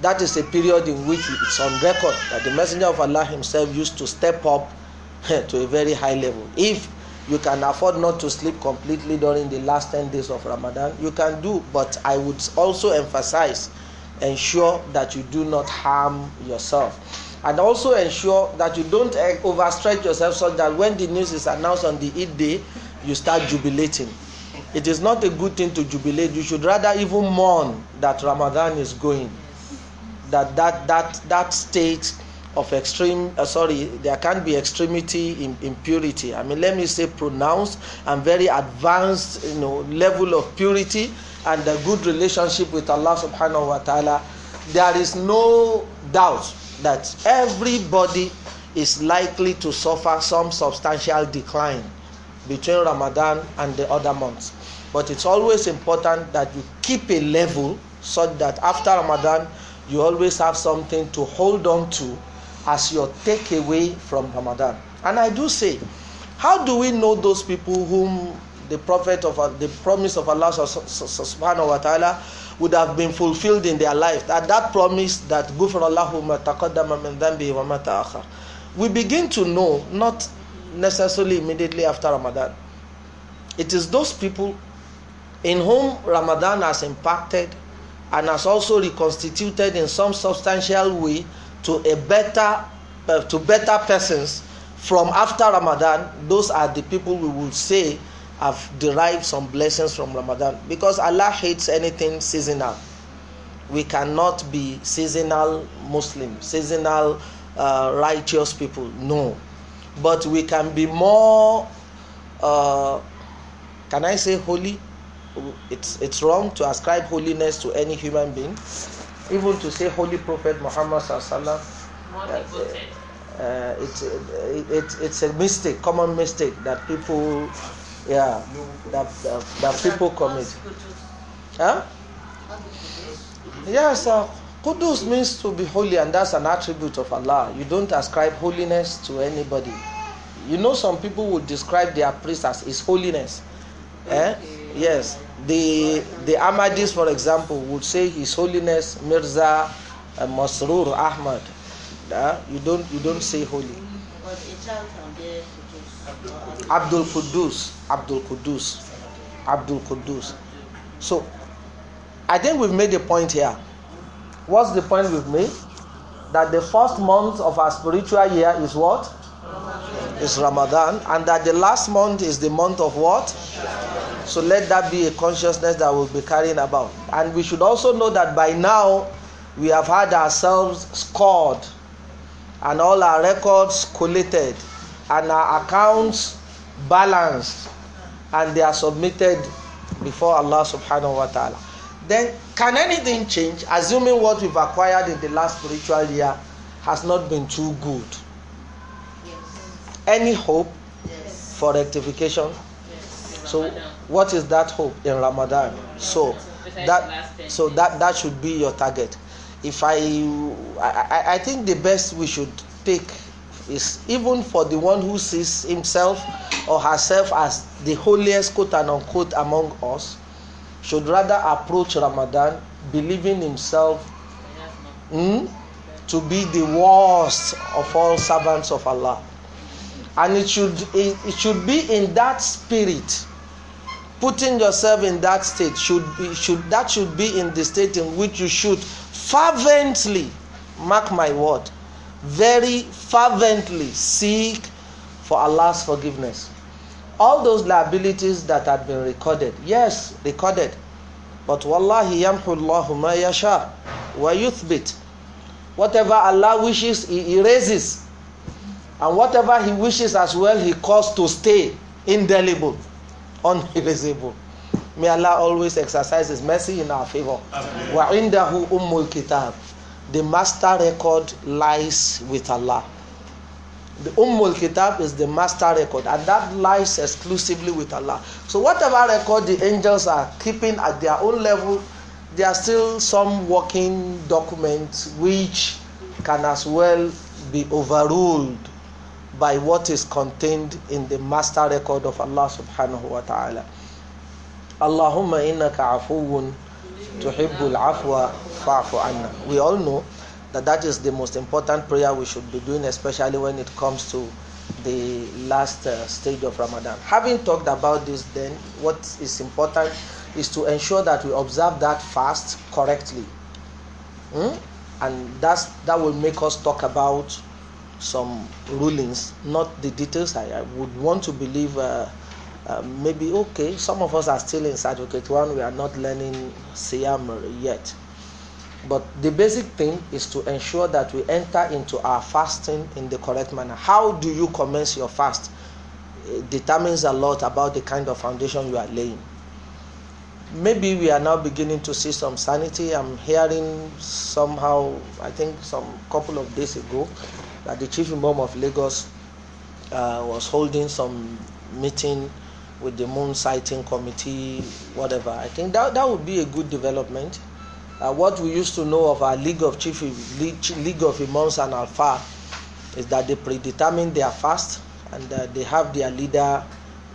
That is a period in which it's on record that the Messenger of Allah himself used to step up to a very high level. If you can afford not to sleep completely during the last ten days of Ramadan, you can do, but I would also emphasize ensure that you do not harm yourself. And also ensure that you don't eh, overstretch yourself so that when the news is announced on the Eid day, you start jubilating. it is not a good thing to jubilate you should rather even mourn that ramadan is going that that that that state of extreme uh, sorry there can not be extremity in impurity i mean let me say pronounced and very advanced you know level of purity and a good relationship with allah subhanahu wa ta'ala there is no doubt that everybody is likely to suffer some substantial decline between ramadan and the other months but it's always important that you keep a level such that after Ramadan, you always have something to hold on to as your takeaway from Ramadan. And I do say, how do we know those people whom the prophet of uh, the promise of Allah subhanahu wa ta'ala would have been fulfilled in their life. That that promise that Gufrallahu ma taqaddama wa We begin to know not necessarily immediately after Ramadan. It is those people in whom Ramadan has impacted and has also reconstituted in some substantial way to a better uh, to better persons from after Ramadan, those are the people we would say have derived some blessings from Ramadan because Allah hates anything seasonal. We cannot be seasonal Muslim, seasonal uh, righteous people. No, but we can be more. Uh, can I say holy? it's it's wrong to ascribe holiness to any human being, even to say holy prophet Muhammad sallallahu alaihi uh, it's it, it, it's a mistake, common mistake that people, yeah, that that, that people commit. Huh? Yes, uh, Kudus means to be holy, and that's an attribute of Allah. You don't ascribe holiness to anybody. You know, some people would describe their priest as His Holiness. Eh? Yes the the Ahmadis, for example, would say His Holiness Mirza uh, Masroor Ahmad. Uh, you don't you don't say holy. Abdul Kudus, Abdul Kudus, Abdul Kudus. So, I think we've made a point here. What's the point we've made? That the first month of our spiritual year is what? It's Ramadan, and that the last month is the month of what? So let that be a consciousness that we'll be carrying about. And we should also know that by now we have had ourselves scored and all our records collated and our accounts balanced and they are submitted before Allah subhanahu wa ta'ala. Then can anything change assuming what we've acquired in the last spiritual year has not been too good? any hope yes. for rectification? Yes. So what is that hope in Ramadan? So that so that that should be your target. If I I, I think the best we should take is even for the one who sees himself or herself as the holiest quote and unquote among us should rather approach Ramadan believing himself hmm, to be the worst of all servants of Allah. and it should it, it should be in that spirit putting yourself in that state should be should that should be in the state in which you should fervently mark my word very fervently seek for Allah's forgiveness all those liabilities that had been recorded yes recorded but wallahi yamhullahu ma yasha wa yuthbit whatever Allah wishes he erases and whatever he wishes as well he calls to stay indelible unerasable may allah always exercise his mercy in our favor wa ummul kitab the master record lies with allah the ummul kitab is the master record and that lies exclusively with allah so whatever record the angels are keeping at their own level there are still some working documents which can as well be overruled by what is contained in the master record of Allah subhanahu wa ta'ala. Allahumma innaka afuun tuhibbul afwa fa'fu anna. We all know that that is the most important prayer we should be doing, especially when it comes to the last uh, stage of Ramadan. Having talked about this, then what is important is to ensure that we observe that fast correctly, hmm? and that's that will make us talk about some rulings, not the details. I, I would want to believe uh, uh, maybe okay, some of us are still in Certificate 1, we are not learning Siyam yet. But the basic thing is to ensure that we enter into our fasting in the correct manner. How do you commence your fast? It determines a lot about the kind of foundation you are laying. Maybe we are now beginning to see some sanity. I'm hearing somehow, I think some couple of days ago, that the chief imam of Lagos uh, was holding some meeting with the moon sighting committee, whatever. I think that, that would be a good development. Uh, what we used to know of our League of Chief League, of Imams and Alfa is that they predetermine their fast and uh, they have their leader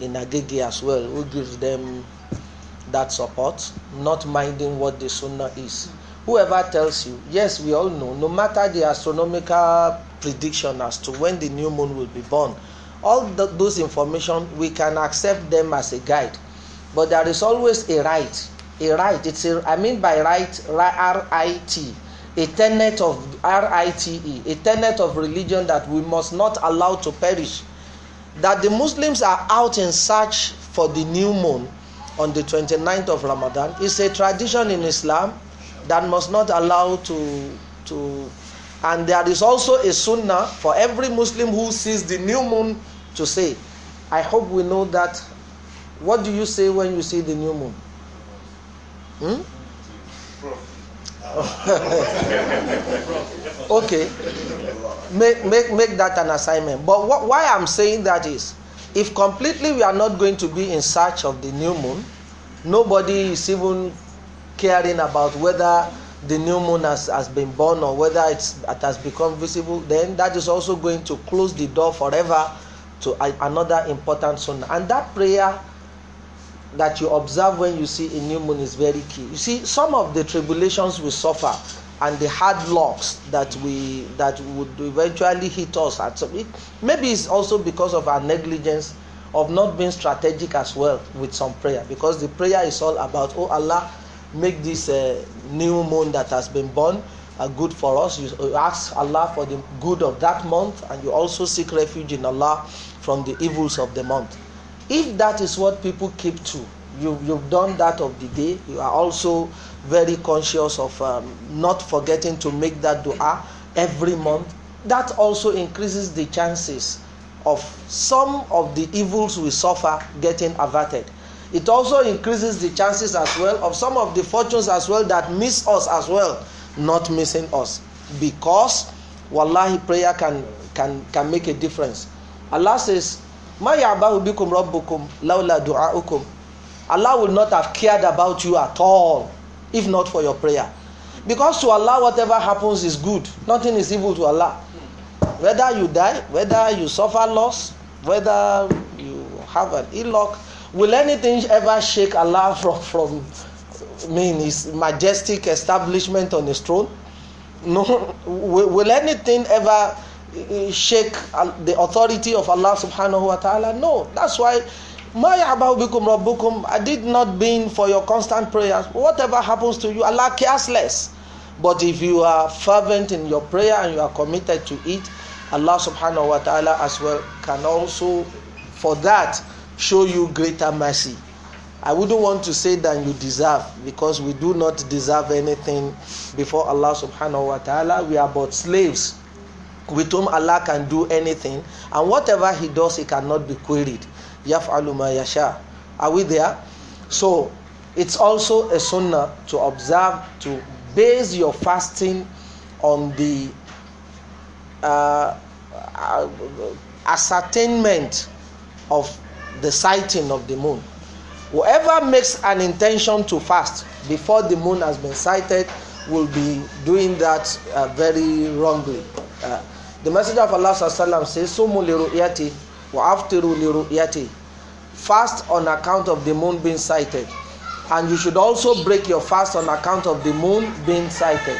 in Agege as well, who gives them that support, not minding what the Sunnah is. whoever tells you yes we all know no matter the astronomical prediction as to when the new moon will be born all the, those information we can accept them as a guide but there is always a right a right it's a i mean by right r-i-t a tenet of r-i-t-e a tenet of religion that we must not allow to perish that the muslims are out in search for the new moon on the 29th of ramadan is a tradition in islam that must not allow to to and there is also a sunnah for every muslim who sees the new moon to say i hope we know that what do you say when you see the new moon hmm? okay make, make make that an assignment but what, why i'm saying that is if completely we are not going to be in search of the new moon nobody is even caring about whether the new moon has, has been born or whether it's, it has become visible, then that is also going to close the door forever to another important sunnah. And that prayer that you observe when you see a new moon is very key. You see, some of the tribulations we suffer and the hard locks that we that would eventually hit us at some it, maybe it's also because of our negligence of not being strategic as well with some prayer because the prayer is all about oh Allah make this uh, new moon that has been born uh, good for us. You ask Allah for the good of that month, and you also seek refuge in Allah from the evils of the month. If that is what people keep to, you, you've done that of the day, you are also very conscious of um, not forgetting to make that dua every month. That also increases the chances of some of the evils we suffer getting averted. it also increases the chances as well of some of the fortunes as well that miss us as well not missing us because wallahi prayer can can can make a difference allah says ma ya'bahu bikum rabbukum lawla du'a'ukum allah will not have cared about you at all if not for your prayer because to allah whatever happens is good nothing is evil to allah whether you die whether you suffer loss whether you have an ill luck Will anything ever shake Allah from, from mean his majestic establishment on his throne? No. Will, will anything ever eh, eh, shake the authority of Allah subhanahu wa ta'ala? No. That's why my bikum rabbukum, I did not mean for your constant prayers. Whatever happens to you, Allah cares less. But if you are fervent in your prayer and you are committed to it, Allah subhanahu wa ta'ala as well can also for that show you greater mercy. I wouldn't want to say than you deserve because we do not deserve anything before Allah subhanahu wa ta'ala. We are but slaves with whom Allah can do anything and whatever He does, He cannot be queried. Yaf'alu ma yasha. Are we there? So it's also a sunnah to observe, to base your fasting on the uh, uh ascertainment of the sighting of the moon. Whoever makes an intention to fast before the moon has been sighted will be doing that uh, very wrongly. Uh, the Messenger of Allah says, Sumu liru'yati wa aftiru liru'yati. Fast on account of the moon being sighted. And you should also break your fast on account of the moon being sighted.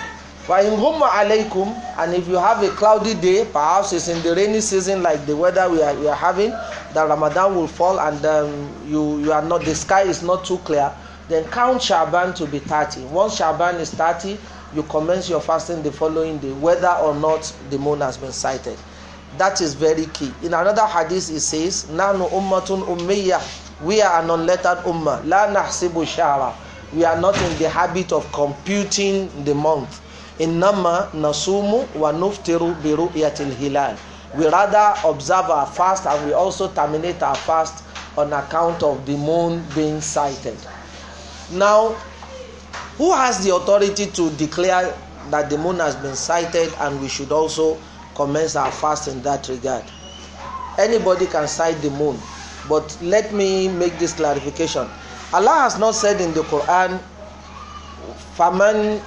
Wa غُمَّ عَلَيْكُمْ And if you have a cloudy day, perhaps it's in the rainy season like the weather we are, we are having, that Ramadan will fall and um, you you are not the sky is not too clear, then count Shaban to be 30. Once Shaban is 30, you commence your fasting the following day, whether or not the moon has been sighted. That is very key. In another hadith, it says, "Nanu ummatun We are an unlettered ummah. La nahsibu shara. We are not in the habit of computing the month. In nama nasumu wa nuftiru biru yatin hilal we rather observe our fast and we also terminate our fast on account of the moon being sighted. Now, who has the authority to declare that the moon has been sighted and we should also commence our fast in that regard? Anybody can sight the moon, but let me make this clarification. Allah has not said in the Quran, فَمَنْ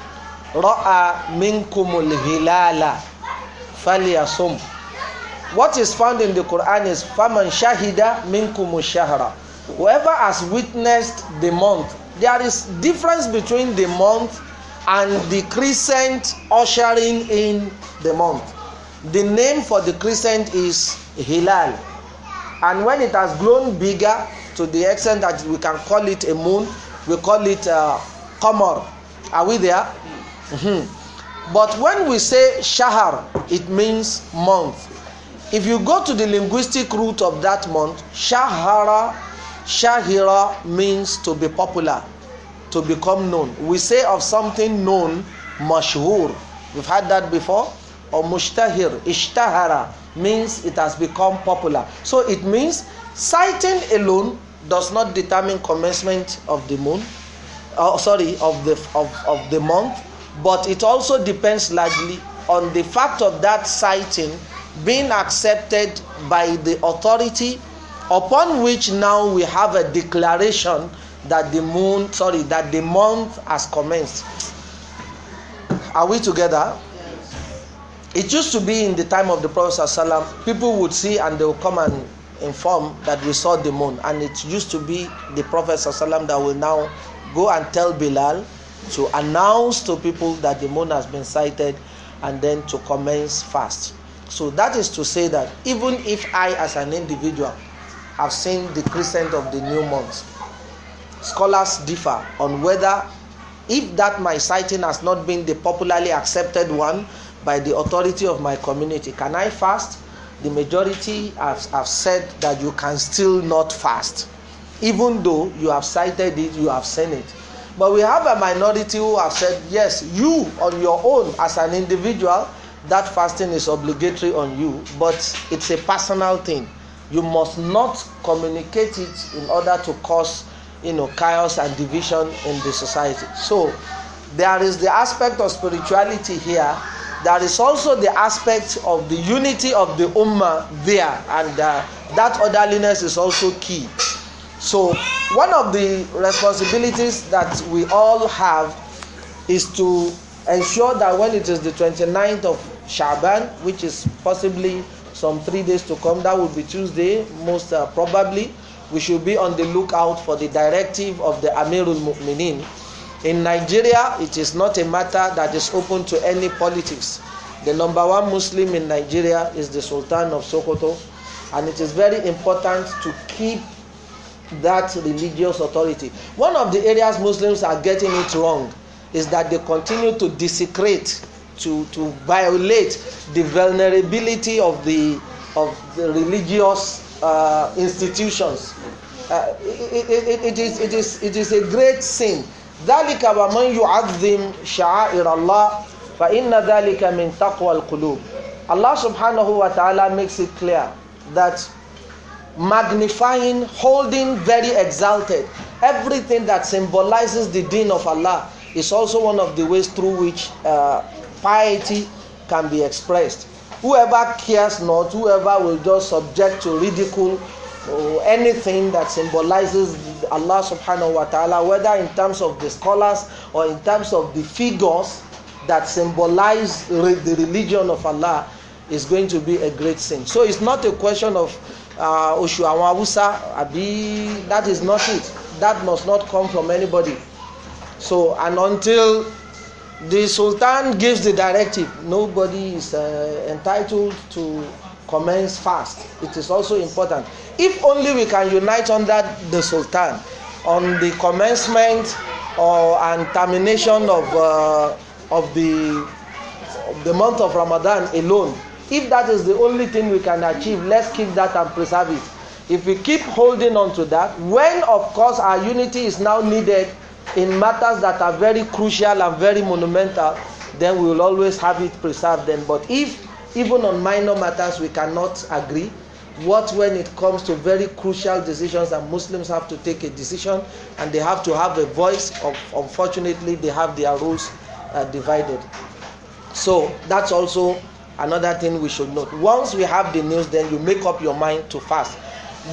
رَأَى مِنْكُمُ الْهِلَالَ فَلْيَصُمْ What is found in the Quran is faman shahida minkumu shahra. Whoever has witnessed the month, there is difference between the month and the crescent ushering in the month. The name for the crescent is Hilal. And when it has grown bigger to the extent that we can call it a moon, we call it uh, Are we there? Mm -hmm. But when we say Shahar, it means month if you go to the linguistic root of that month shahara shahira means to be popular to become known we say of something known mashhur we've had that before or mushtahir ishtahara means it has become popular so it means sighting alone does not determine commencement of the moon oh, sorry of the of, of the month but it also depends largely on the fact of that sighting being accepted by the authority upon which now we have a declaration that the moon sorry that the month has commenced are we together yes. it used to be in the time of the prophet sallam people would see and they would come and inform that we saw the moon and it used to be the prophet sallam that will now go and tell bilal to announce to people that the moon has been sighted and then to commence fast so that is to say that even if I, as an individual, have seen the crescent of the new month, scholars differ on whether, if that my sighting has not been the popularly accepted one by the authority of my community, can I fast? The majority have, have said that you can still not fast, even though you have cited it, you have seen it. But we have a minority who have said, yes, you on your own as an individual that fasting is obligatory on you but it's a personal thing you must not communicate it in order to cause you know chaos and division in the society so there is the aspect of spirituality here there is also the aspect of the unity of the ummah there and uh, that orderliness is also key so one of the responsibilities that we all have is to ensure that when it is the 29th of Shaban, which is possibly some three days to come. That would be Tuesday, most uh, probably. We should be on the lookout for the directive of the Amirul Mu'minin. In Nigeria, it is not a matter that is open to any politics. The number one Muslim in Nigeria is the Sultan of Sokoto, and it is very important to keep that religious authority. One of the areas Muslims are getting it wrong is that they continue to desecrate to to violate the vulnerability of the of the religious uh, institutions. Uh, it, it, it, is, it, is, it is a great sin. ذلك ومن يعظم شعائر الله فإن ذلك من تقوى القلوب. Allah subhanahu wa ta'ala makes it clear that magnifying, holding very exalted, everything that symbolizes the deen of Allah is also one of the ways through which uh, piety can be expressed. Whoever cares not, whoever will just subject to ridicule or anything that symbolizes Allah subhanahu wa ta'ala, whether in terms of the scholars or in terms of the figures that symbolize the religion of Allah, is going to be a great sin. So it's not a question of uh, Abi, that is not it. That must not come from anybody. So, and until the sultan gives the directive nobody is uh, entitled to commence fast it is also important if only we can unite under the sultan on the commencement or and termination of uh, of the of the month of ramadan alone if that is the only thing we can achieve let's keep that and preserve it if we keep holding on to that when of course our unity is now needed in matters that are very crucial and very monumental, then we will always have it preserved then. But if even on minor matters we cannot agree, what when it comes to very crucial decisions that Muslims have to take a decision and they have to have a voice, unfortunately they have their rules uh, divided. So that's also another thing we should note. Once we have the news, then you make up your mind to fast.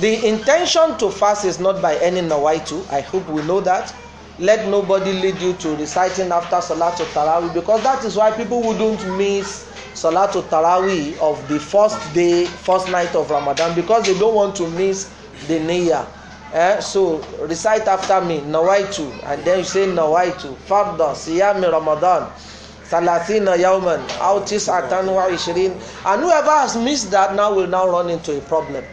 The intention to fast is not by any nawaitu. I hope we know that let nobody lead you to reciting after Salatul Tarawih because that is why people wouldn't miss Salatul Tarawih of the first day, first night of Ramadan because they don't want to miss the Niyah. Eh? So recite after me, Nawaitu, and then you say Nawaitu, Farda, Siyami Ramadan, Salatina Yawman, Autis Atan wa Ishirin. And whoever has missed that now will now run into a problem.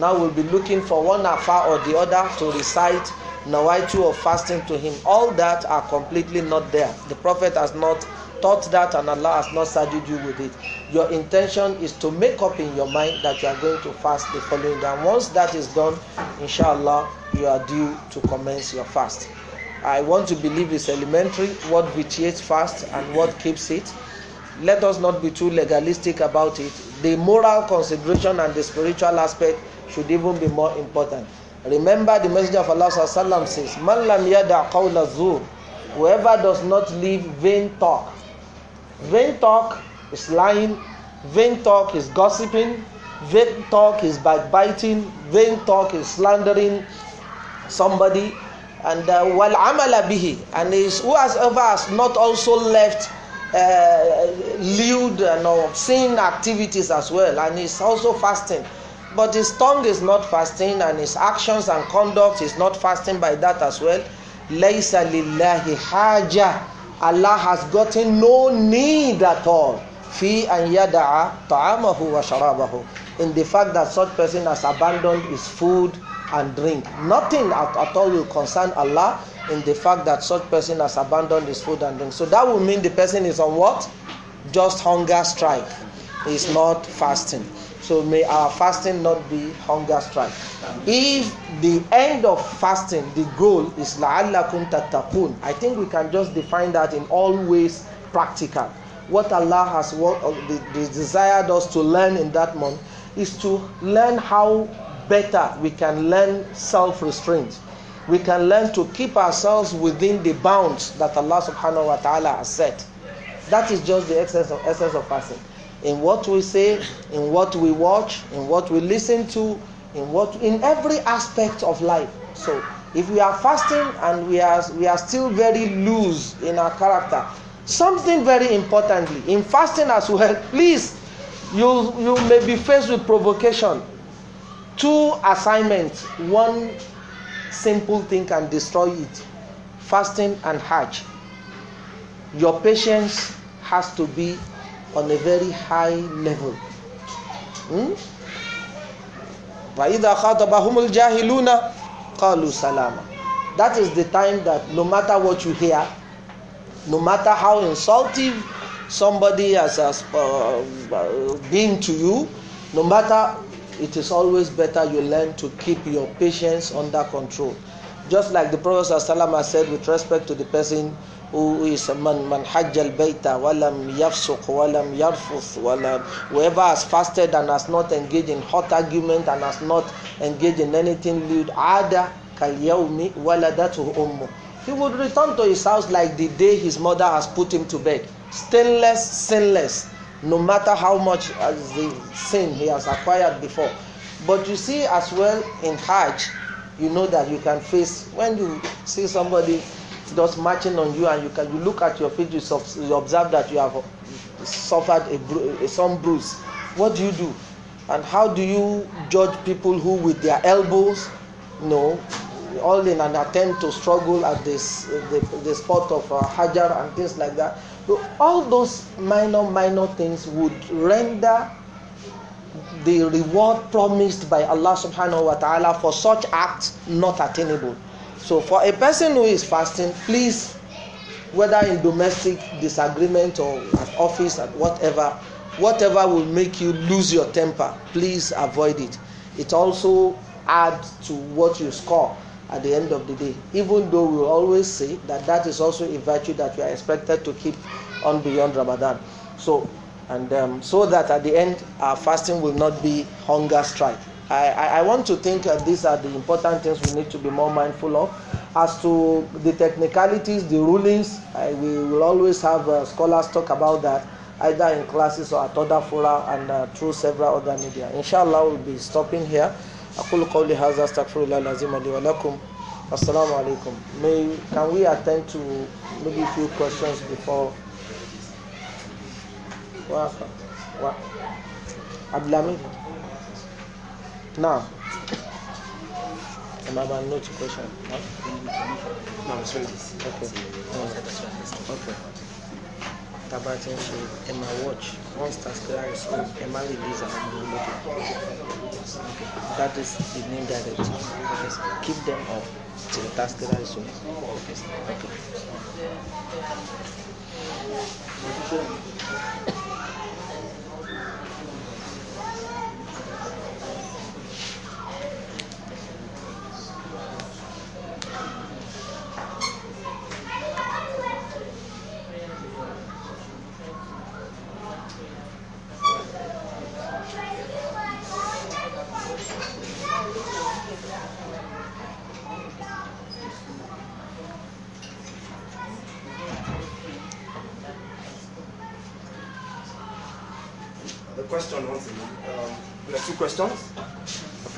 Now we'll be looking for one afar or the other to recite nawaitu of fasting to him all that are completely not there the prophet has not taught that and allah has not saddled you with it your intention is to make up in your mind that you are going to fast the following day and once that is done inshallah you are due to commence your fast i want to believe it's elementary what vitiates fast and what keeps it let us not be too legalistic about it the moral consideration and the spiritual aspect should even be more important Remember the Messenger of Allah sallam says, Man lam yada qawla zur. Whoever does not leave vain talk. Vain talk is lying. Vain talk is gossiping. Vain talk is backbiting. Vain talk is slandering somebody. And uh, wal amala bihi. And is who has ever has not also left uh, lewd and obscene activities as well. And is also fasting but his tongue is not fasting and his actions and conduct is not fasting by that as well laysa lillahi haja allah has gotten no need at all fi an yada'a ta'amahu wa sharabahu in the fact that such person has abandoned his food and drink nothing at, at all will concern allah in the fact that such person has abandoned his food and drink so that will mean the person is on what just hunger strike is not fasting So may our fasting not be hunger strike. If the end of fasting, the goal is la'allakum tattaqun, I think we can just define that in all ways practical. What Allah has what, uh, the, the desired us to learn in that month is to learn how better we can learn self-restraint. We can learn to keep ourselves within the bounds that Allah subhanahu wa ta'ala has set. That is just the essence of, essence of fasting in what we say, in what we watch, in what we listen to, in what in every aspect of life. So if we are fasting and we are we are still very loose in our character, something very importantly in fasting as well, please you you may be faced with provocation. Two assignments, one simple thing can destroy it. Fasting and Hajj. Your patience has to be on a very high level. Hmm? That is the time that no matter what you hear, no matter how insulting somebody has, uh, been to you, no matter, it is always better you learn to keep your patience under control. Just like the Prophet ﷺ said with respect to the person who man, man hajjal baita walam yafsuq walam yarfuth walam whoever has fasted and has not engaged in hot argument and has not engaged in anything lewd ada kalyawmi waladatu ummu he would return to his house like the day his mother has put him to bed stainless sinless no matter how much as the sin he has acquired before but you see as well in hajj you know that you can face when you see somebody just marching on you and you can you look at your face you, sub, you observe that you have suffered a bru some bruise what do you do and how do you judge people who with their elbows no, all in an attempt to struggle at this the, the spot of uh, hajar and things like that so all those minor minor things would render the reward promised by allah subhanahu wa ta'ala for such acts not attainable So, for a person who is fasting, please, whether in domestic disagreement or at office, at whatever, whatever will make you lose your temper, please avoid it. It also adds to what you score at the end of the day, even though we always say that that is also a virtue that we are expected to keep on beyond Ramadan. So, and um, so that at the end, our fasting will not be hunger strike. I, I, I want to think uh, these are the important things we need to be more mindful of. As to the technicalities, the rulings, I, we will always have uh, scholars talk about that either in classes or at other fora and uh, through several other media. Inshallah, we'll be stopping here. أقول قولي هذا استغفر الله العظيم لي ولكم السلام عليكم May, can we attend to maybe a few questions before Wow. Wow. Abdulhamid Now, I'm about to note the question. Huh? No, it's finished. Okay. Uh, okay. Tabatin ṣe ẹ máa watch once Tasclara is home ẹ máa release àwọn ọmọ ológun. That is the main directive. Okay. Keep them up till Tasclara is home. Okay. okay.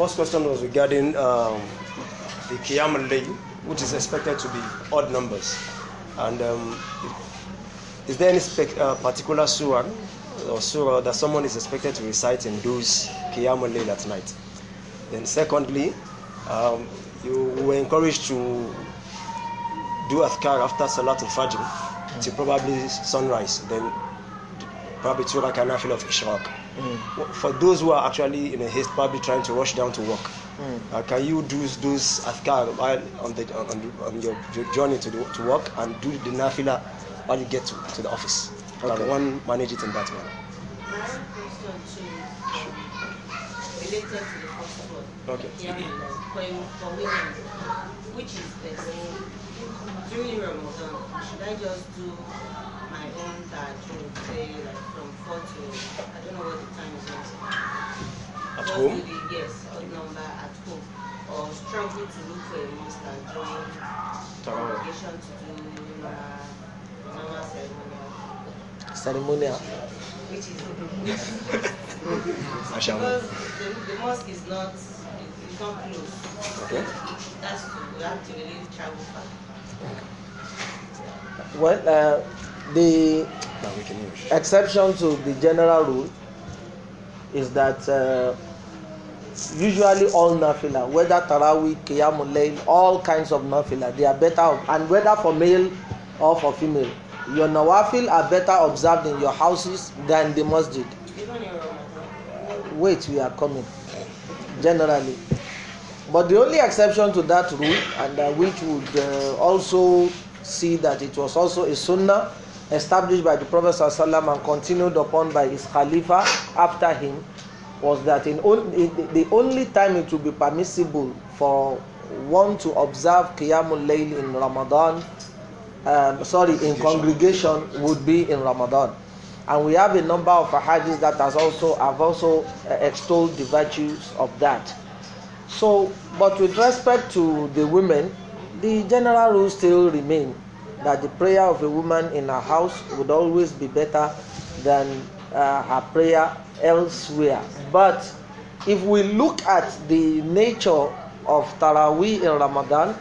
first question was regarding um, the Qiyam al which is expected to be odd numbers. And um, is there any uh, particular surah or surah that someone is expected to recite in those Qiyam al at night? Then, secondly, um, you were encouraged to do athkar after Salat al Fajr till probably sunrise, then probably two fil of Ishraq. Mm. For those who are actually in a haste, probably trying to rush down to work, mm. uh, can you do those adhkar on, the, on, on your journey to, the, to work and do the nafila while you get to, to the office? Okay. Can one manage it in that manner? related to the first Okay. Yeah, uh, for, for women, which is best? During Ramadan, should I just do my own that say like four to I don't know what the time zone. At Just home? Maybe, yes, odd number at home. Or struggle to look for a monster during congregation to do normal, ceremonial. Ceremonial. Which is I because the, the mosque is not it's not close. Okay. That's to we have to really travel far. Well, uh, the exception to the general rule is that uh, usually all nafila whether tarawih qiyamul all kinds of nafila they are better of, and whether for male or for female your nawafil are better observed in your houses than the masjid wait we are coming generally but the only exception to that rule and uh, which would uh, also see that it was also a sunnah established by the Prophet ﷺ and continued upon by his Khalifa after him was that in, in the only time it would be permissible for one to observe Qiyamul Layl in Ramadan, um, sorry, in congregation would be in Ramadan. And we have a number of hadiths that has also have also uh, extolled the virtues of that. So, but with respect to the women, the general rule still remains that the prayer of a woman in her house would always be better than uh, her prayer elsewhere. But if we look at the nature of Taraweeh in Ramadan,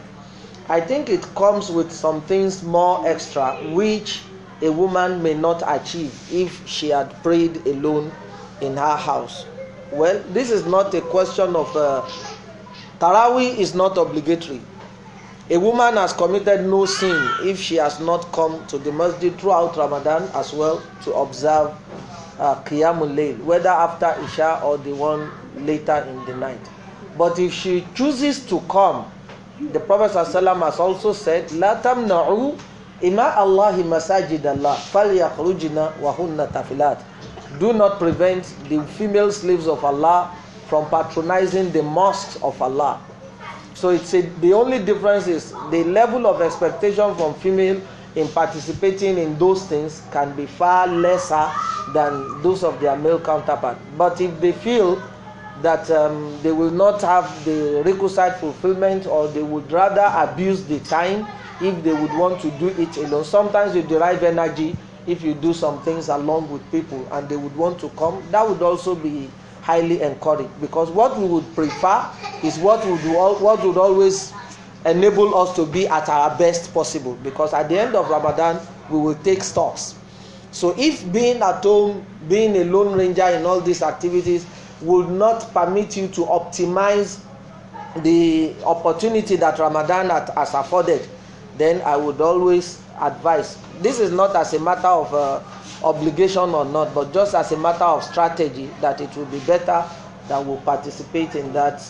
I think it comes with some things more extra which a woman may not achieve if she had prayed alone in her house. Well, this is not a question of uh, Taraweeh is not obligatory. A woman has committed no sin if she has not come to the masjid throughout Ramadan as well to observe uh, Qiyamul Layl, whether after Isha or the one later in the night. But if she chooses to come, the Prophet ﷺ has also said, لا تمنعوا إماء الله مساجد الله فليخرجن وهن تفلات. Do not prevent the female slaves of Allah from patronizing the mosques of Allah. So it's a, the only difference is the level of expectation from female in participating in those things can be far lesser than those of their male counterpart. But if they feel that um, they will not have the requisite fulfillment or they would rather abuse the time if they would want to do it alone. Sometimes you derive energy if you do some things along with people and they would want to come. That would also be highly encouraged because what we would prefer is what would what would always enable us to be at our best possible because at the end of Ramadan we will take stocks. So if being at home, being a lone ranger in all these activities would not permit you to optimize the opportunity that Ramadan has afforded, then I would always advise. This is not as a matter of uh, obligation or not, but just as a matter of strategy that it will be better that we participate in that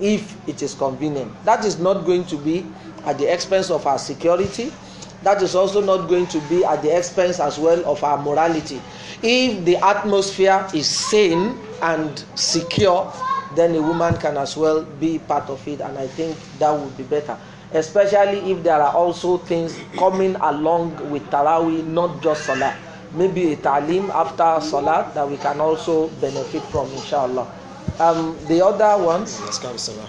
if it is convenient. That is not going to be at the expense of our security. That is also not going to be at the expense as well of our morality. If the atmosphere is sane and secure, then a woman can as well be part of it, and I think that would be better especially if there are also things coming along with tarawih, not just Salah. maybe a ta'lim after salat that we can also benefit from inshallah um, the other ones askar sabah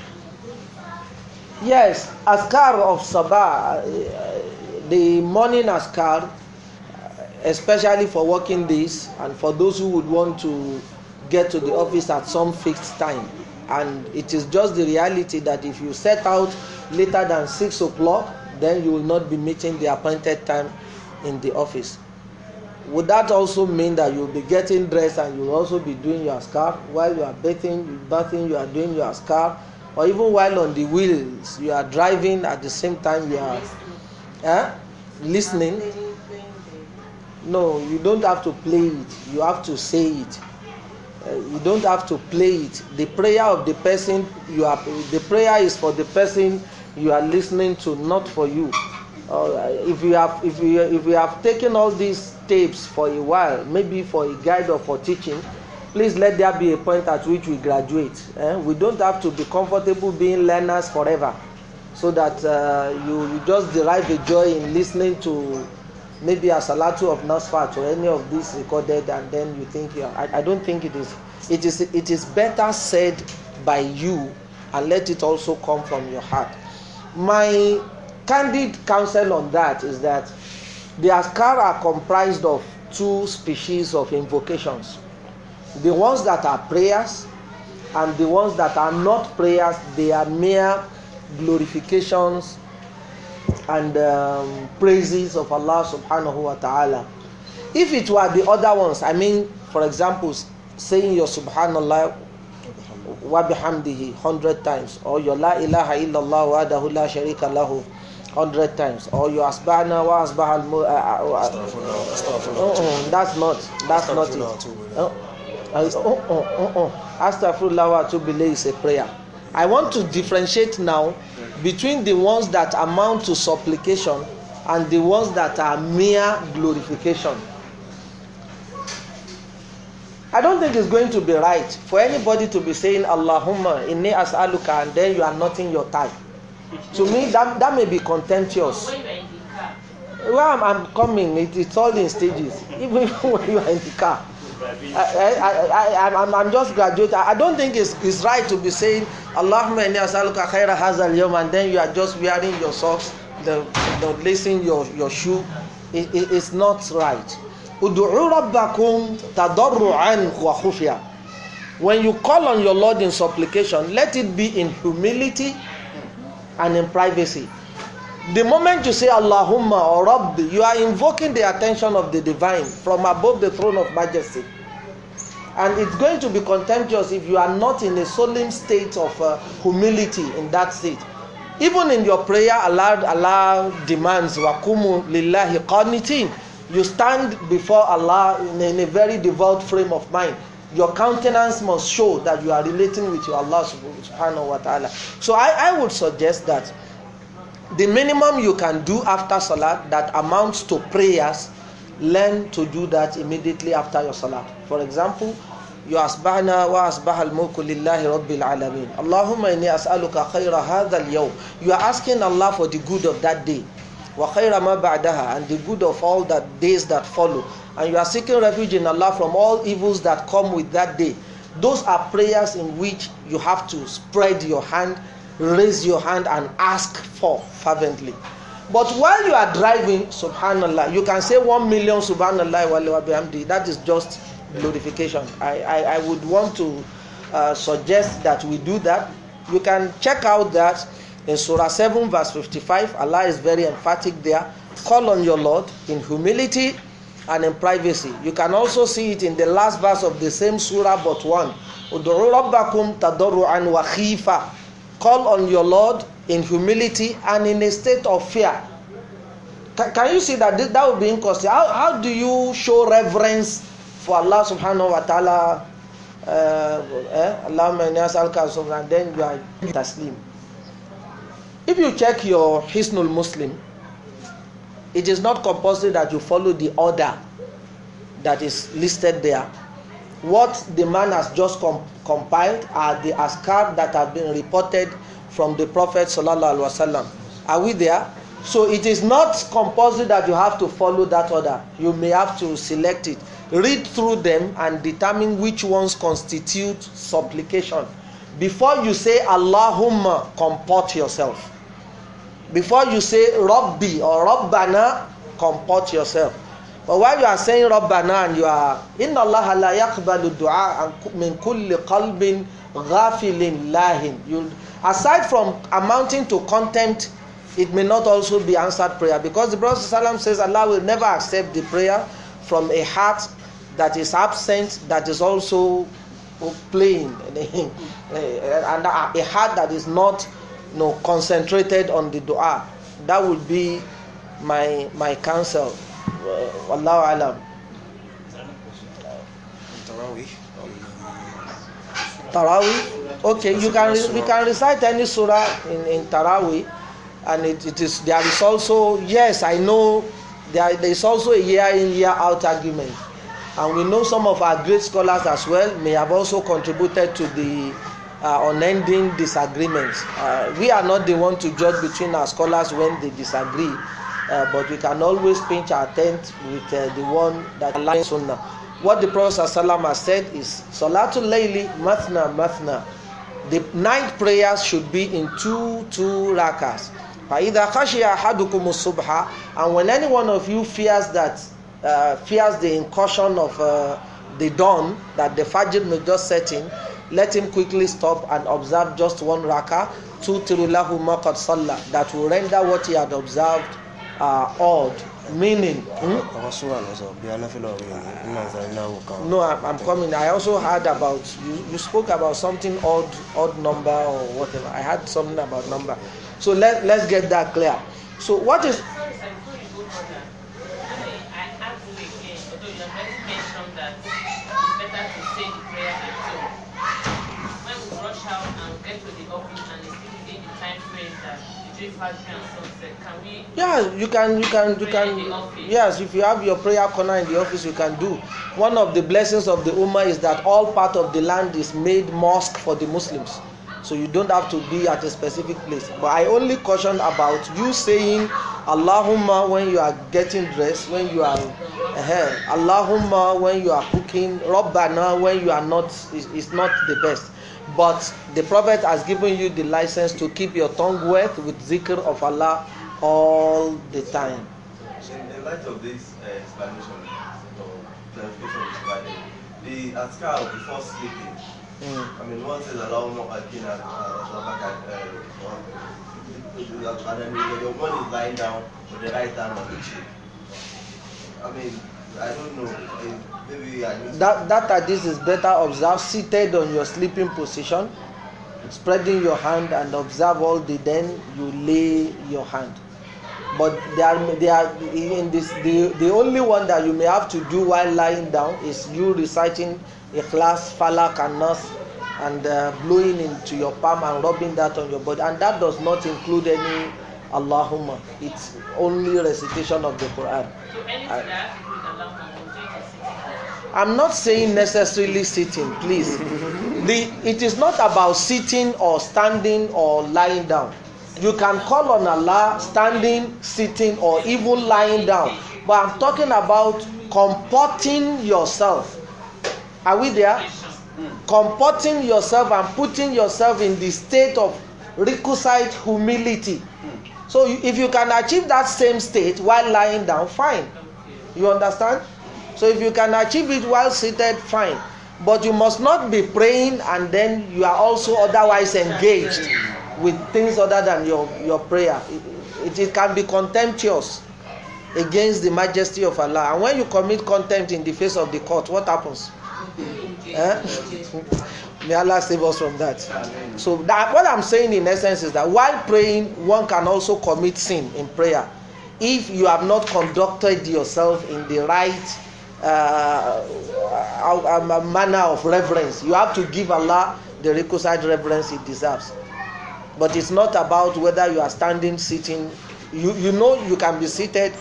yes askar of sabah uh, the morning askar especially for working days and for those who would want to get to the office at some fixed time and it is just the reality that if you set out later than six o'clock then you will not be meeting the appointed time in the office would that also mean that you'll be getting dressed and you'll also be doing your scarf while you are bathing you bathing you are doing your scarf or even while on the wheels you are driving at the same time you are listening, eh? listening. no you don't have to play it you have to say it uh, you don't have to play it the prayer of the person you are the prayer is for the person you are listening to not for you all if you have if you if you have taken all these tapes for a while maybe for a guide or for teaching please let there be a point at which we graduate eh? we don't have to be comfortable being learners forever so that uh, you, you just derive a joy in listening to maybe a salatu of nasfat or any of these recorded and then you think yeah, I, I don't think it is it is it is better said by you and let it also come from your heart my candid counsel on that is that the askar are comprised of two species of invocations the ones that are prayers and the ones that are not prayers they are mere glorifications and um, praises of allah subhanahu wa ta'ala if it were the other ones i mean for example saying your subhanallah wa bihamdihi 100 times or your la ilaha illallah wa la sharika lahu hundred times or you asbahna wa asbah al mu. That's not that's not it. Uh, uh, uh, uh, Astaghfirullah wa atubile is a prayer. I want to differentiate now between the ones that amount to supplication and the ones that are mere glorification. I don't think it's going to be right for anybody to be saying Allahumma inni as'aluka and then you are not your time to me that that may be contemptuous where i'm i'm coming it it's all in stages even when you are in the car I, I, I, I'm, I'm just graduate. I don't think it's, it's right to be saying, Allahumma inni as'aluka khaira hazal yom, and then you are just wearing your socks, the, the lacing your, your shoe. It, it, it's not right. Udu'u rabbakum tadarru'an wa khufya. When you call on your Lord in supplication, let it be in humility and in privacy. The moment you say Allahumma or Rabbi, you are invoking the attention of the divine from above the throne of majesty. And it's going to be contemptuous if you are not in a solemn state of uh, humility in that state. Even in your prayer, Allah, Allah demands wakumu lillahi qanitin. You stand before Allah in, in a very devout frame of mind your countenance must show that you are relating with your Allah subhanahu wa ta'ala. So I, I would suggest that the minimum you can do after salat that amounts to prayers, learn to do that immediately after your salat. For example, you asbahna wa asbah al-mulku lillahi rabbil alamin. Allahumma inni as'aluka khayra hadha al You are asking Allah for the good of that day. وخير ما بعدها and the good of all the days that follow and you are seeking refuge in Allah from all evils that come with that day. Those are prayers in which you have to spread your hand, raise your hand, and ask for fervently. But while you are driving, subhanallah, you can say one million subhanallah wa bihamdi. That is just glorification. I, I, I would want to uh, suggest that we do that. You can check out that in Surah seven, verse fifty-five. Allah is very emphatic there. Call on your Lord in humility and in privacy. You can also see it in the last verse of the same surah but one. Udu'u rabbakum wa khifa. Call on your Lord in humility and in a state of fear. Can, can you see that that would be inconsistent? How, how do you show reverence for Allah subhanahu wa ta'ala? Allah Uh, eh? and then you are Muslim. If you check your Hisnul Muslim, it is not compulsory that you follow the order that is listed there what the man has just comp compiled are the askar that have been reported from the prophet sallallahu alaihi wasallam are we there so it is not compulsory that you have to follow that order you may have to select it read through them and determine which ones constitute supplication before you say allahumma comport yourself before you say Rabbi or Rabbana, comport yourself. But while you are saying Rabbana and you are Inna Allah la yaqbalu du'a min kulli qalbin ghafilin lahin. You, aside from amounting to contempt, it may not also be answered prayer because the Prophet says Allah will never accept the prayer from a heart that is absent, that is also playing, and a heart that is not you know, concentrated on the dua. That would be my my counsel. Uh, Wallahu alam. Tarawih. Tarawih. Okay, you can we can recite any surah in in Tarawih, and it, it is there is also yes I know there, there is also a year in year out argument, and we know some of our great scholars as well may have also contributed to the uh, unending disagreements. Uh, we are not the one to judge between our scholars when they disagree, uh, but we can always pinch our tent with uh, the one that aligns on Sunnah. What the Prophet ﷺ has said is Salatul Layli Mathna Mathna. The night prayers should be in two two rakas. فَإِذَا خَشِيَ أَحَدُكُمُ الصُّبْحَ And when any one of you fears that, uh, fears the incursion of uh, the dawn, that the Fajr may just set in, let him quickly stop and observe just one raka two lahu maqad salla that will render what he had observed uh, odd meaning. Hmm? no I'm, I'm coming i also heard about you you spoke about something odd odd number or whatever i heard something about number so let let's get that clear so what is. Yeah, you can, you can, you can. Yes, if you have your prayer corner in the office, you can do. One of the blessings of the umma is that all part of the land is made mosque for the Muslims. So you don't have to be at a specific place. But I only caution about you saying Allahumma when you are getting dressed, when you are, uh, Allahumma when you are cooking, now, when you are not, is, is not the best but the prophet has given you the license to keep your tongue wet with zikr of allah all the time in the light of this uh, explanation or clarification is provided the askar before sleeping mm. i mean once is one says allahumma akina and then the one is lying down with the right hand on the cheek i mean I that, that this is better observed seated on your sleeping position, spreading your hand and observe all the then you lay your hand. But they are, they are in this the, the only one that you may have to do while lying down is you reciting a class Falak, and Nas and uh, blowing into your palm and rubbing that on your body. And that does not include any Allahumma. It's only recitation of the Quran. So I'm not saying necessarily sitting, please. the, it is not about sitting or standing or lying down. You can call on Allah standing, sitting, or even lying down. But I'm talking about comporting yourself. Are we there? Comporting yourself and putting yourself in the state of requisite humility. So if you can achieve that same state while lying down, fine. You understand? So if you can achieve it while seated, fine. But you must not be praying and then you are also otherwise engaged with things other than your, your prayer. It, it, it can be contemptuous against the majesty of Allah. And when you commit contempt in the face of the court, what happens? eh? May Allah save us from that. So that what I'm saying in essence is that while praying, one can also commit sin in prayer if you have not conducted yourself in the right uh, a, uh, a manner of reverence. You have to give Allah the requisite reverence He deserves. But it's not about whether you are standing, sitting. You, you know you can be seated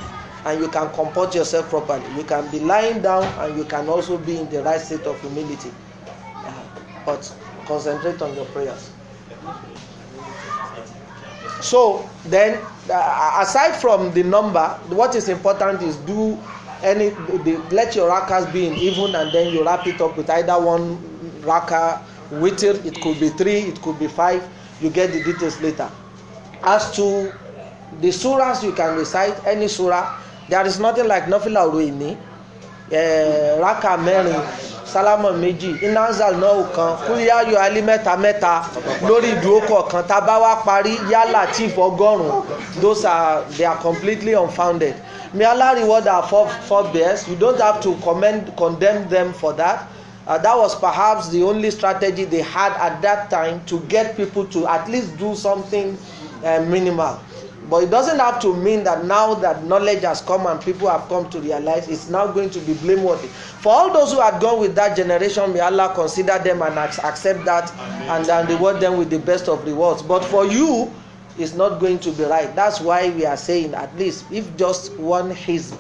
and you can comport yourself properly. You can be lying down and you can also be in the right state of humility. Uh, but concentrate on your prayers. So then, uh, aside from the number, what is important is do any they, let your rakas be in even and then you wrap it up with either one raka witr it could be three it could be five you get the details later as to the surahs you can recite any surah there is nothing like nafila ruini uh, eh, raka mẹ́rin sálámọ̀ méjì inazal náà kan kúlíyáyọ alí mẹ́ta mẹ́ta lórí ìdúró kọ̀ọ̀kan tá a bá wá parí yálà tí ìfọgọ́rùn those are they are completely unfounded May Allah reward our four forebears. You don't have to commend, condemn them for that. Uh, that was perhaps the only strategy they had at that time to get people to at least do something uh, minimal. But it doesn't have to mean that now that knowledge has come and people have come to realize it's now going to be blameworthy. For all those who had gone with that generation, may Allah consider them and accept that and, and reward them with the best of rewards. But for you, is not going to be right. That's why we are saying at least if just one hizb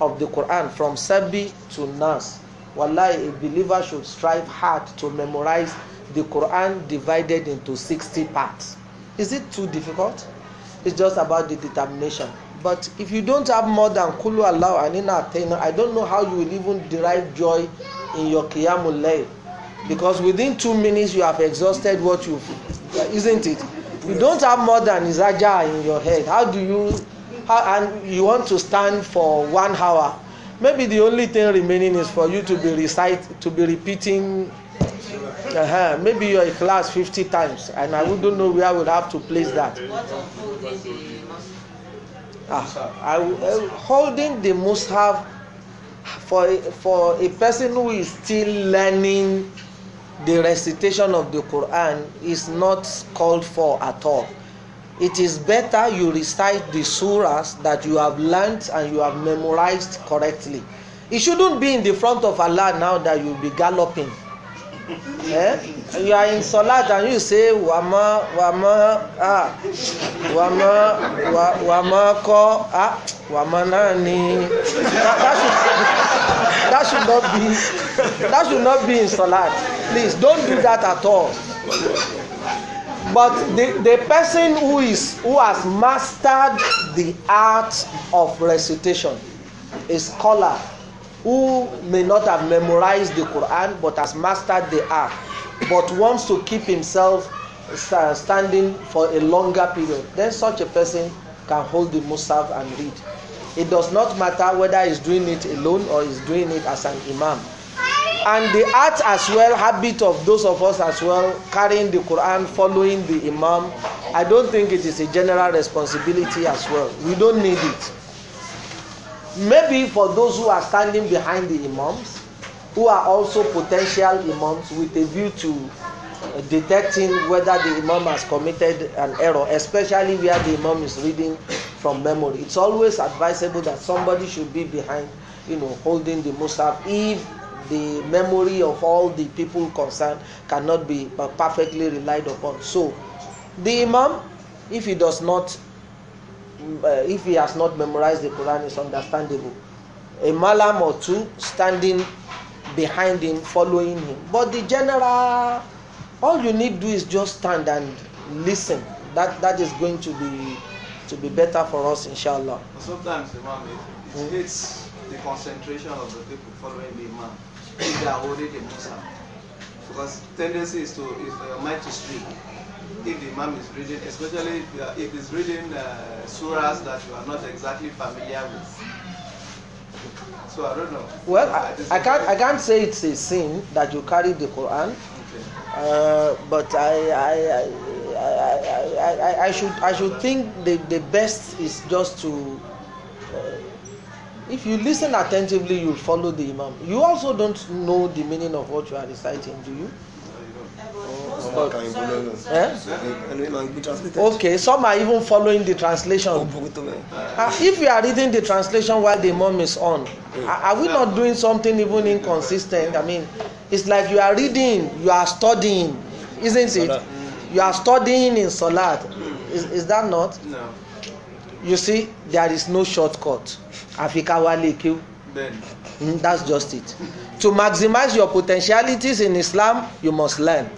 of the Quran from Sabi to Nas, wallahi, a believer should strive hard to memorize the Quran divided into sixty parts. Is it too difficult? It's just about the determination. But if you don't have more than Kulu Allah and Inna Atena, I don't know how you will even derive joy in your Qiyamul Layl. Because within two minutes you have exhausted what you. isn't it? You don't have more than izaja in your head. How do you, how, and you want to stand for one hour? Maybe the only thing remaining is for you to be recite, to be repeating. Uh-huh. Maybe you're in class fifty times, and I don't know where I would have to place that. Ah, I, uh, holding the must have for for a person who is still learning the recitation of the Quran is not called for at all. It is better you recite the surahs that you have learnt and you have memorised correctly. It shouldn't be in the front of Allah now that you be galloping eh? you are in salat and you say wama wama ah wama wa, wama Ko ah wama náà that, that should that should not be that should not be in salat please don't do that at all but the the person who is who has mastered the art of recitation a scholar who may not have memorized the Quran but has mastered the art but wants to keep himself standing for a longer period then such a person can hold the musaf and read it does not matter whether he is doing it alone or is doing it as an imam and the art as well habit of those of us as well carrying the quran following the imam i don't think it is a general responsibility as well we don't need it Maybe for those who are standing behind the imams, who are also potential imams with a view to uh, detecting whether the imam has committed an error, especially where the imam is reading from memory. It's always advisable that somebody should be behind, you know, holding the musaf if the memory of all the people concerned cannot be uh, perfectly relied upon. So, the imam, if he does not uh, if he has not memorized the Quran is understandable. A malam or two standing behind him, following him. But the general, all you need to do is just stand and listen. That that is going to be to be better for us, inshallah. Sometimes the man it, it hits hmm? the concentration of the people following the imam if they are holding the musa, because tendency is to is for your mind to speak. if the Imam is reading, especially if, uh, if he's reading uh, surahs that you are not exactly familiar with. So I don't know. Well, I, I, can't. I can't say it's a sin that you carry the Quran, uh, but I I, I, I, I, should I should think the, the best is just to. Uh, if you listen attentively, you'll follow the Imam. You also don't know the meaning of what you are reciting, do you? Eh? okay some are even following the translation uh, if we are reading the translation while the mom is on are, eh. are we not doing something even inconsistent i mean it's like you are reading you are studying isn't it you are studying in salat is, is that not no. you see there is no shortcut afika wale kiu that's just it to maximize your potentialities in islam you must learn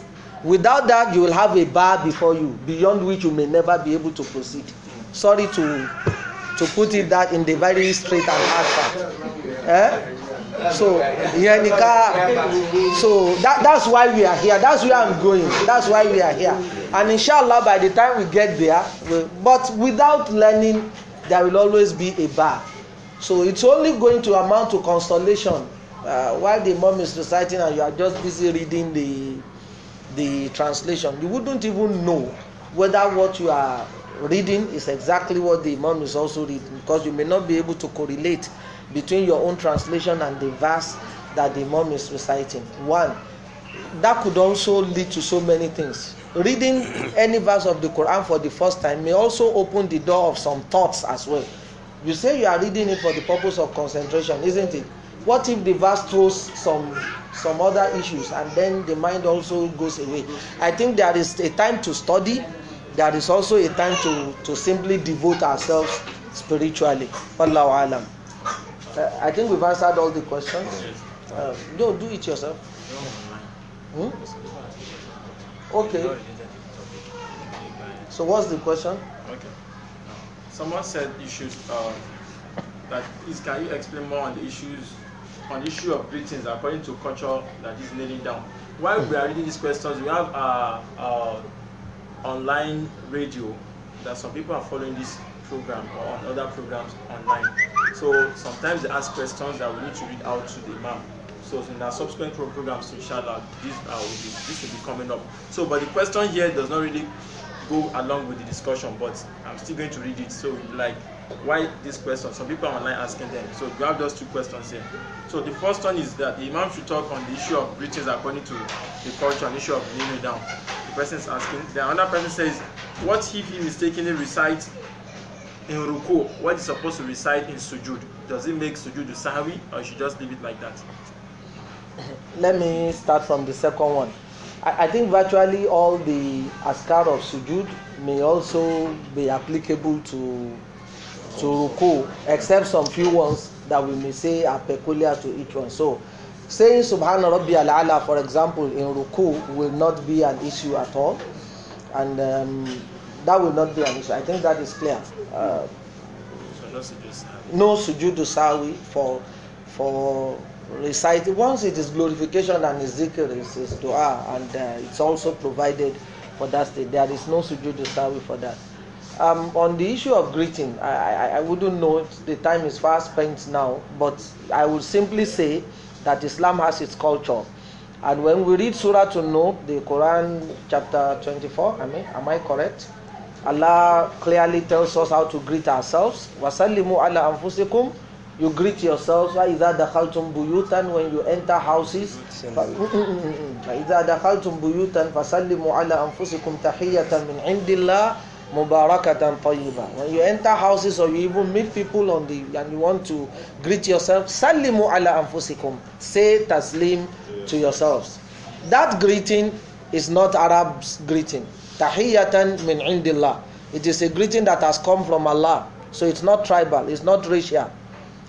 without that you will have a bar before you beyond which you may never be able to proceed sorry to to put it that in the very straight and hard part eh so ìyẹn ni ká so that that's why we are here that's where i'm going that's why we are here and inshallah by the time we get there we, but without learning there will always be a bar so it's only going to amount to consolation uh, while the mom is reciting and you are just busy reading the the translation, you wouldn't even know whether what you are reading is exactly what the Imam is also reading because you may not be able to correlate between your own translation and the verse that the Imam is reciting. One, that could also lead to so many things. Reading any verse of the Quran for the first time may also open the door of some thoughts as well. You say you are reading it for the purpose of concentration, isn't it? What if the verse throws some some other issues and then the mind also goes away i think there is a time to study there is also a time to to simply devote ourselves spiritually alam uh, i think we've answered all the questions uh, no do it yourself hmm? okay so what's the question okay someone said issues uh, that is can you explain more on the issues on the issue of greetings according to culture that is nailing down. While we are reading these questions, we have our, our online radio that some people are following this program or on other programs online. So sometimes they ask questions that we need to read out to the imam. So in our subsequent programs, inshallah, this, uh, will be, this will be coming up. So, but the question here does not really go along with the discussion, but I'm still going to read it. So, like, why this question? Some people are online asking them. So grab have those two questions here. So the first one is that the Imam should talk on the issue of breaches according to the culture and issue of kneeling down. The person is asking. The other person says, what if he mistakenly recites in ruku what is supposed to recite in sujud? Does it make sujud sahwi or should just leave it like that? Let me start from the second one. I, I think virtually all the askar of sujud may also be applicable to to ruku except some few ones that we may say are peculiar to each one. So saying Subhana Rabbi for example in ruku will not be an issue at all and um, that will not be an issue. I think that is clear. Uh, so no sujudu no for for reciting. Once it is glorification and zikr, it is dua, and uh, it's also provided for that state. There is no sujudu sawi for that um, on the issue of greeting, I, I, I wouldn't know. The time is far spent now, but I would simply say that Islam has its culture. And when we read Surah to know the Quran chapter 24, I mean, am I correct? Allah clearly tells us how to greet ourselves. Wasallimu ala anfusikum. You greet yourselves. وَإِذَا دَخَلْتُمْ When you enter houses. فَإِذَا دَخَلْتُمْ بُيُوتًا فَسَلِّمُوا عَلَى ala anfusikum. mubarakatan tayyiba. When you enter houses or you even meet people on the and you want to greet yourself, salimu ala anfusikum. Say taslim to yourselves. That greeting is not Arab greeting. Tahiyatan min indillah. It is a greeting that has come from Allah. So it's not tribal, it's not racial.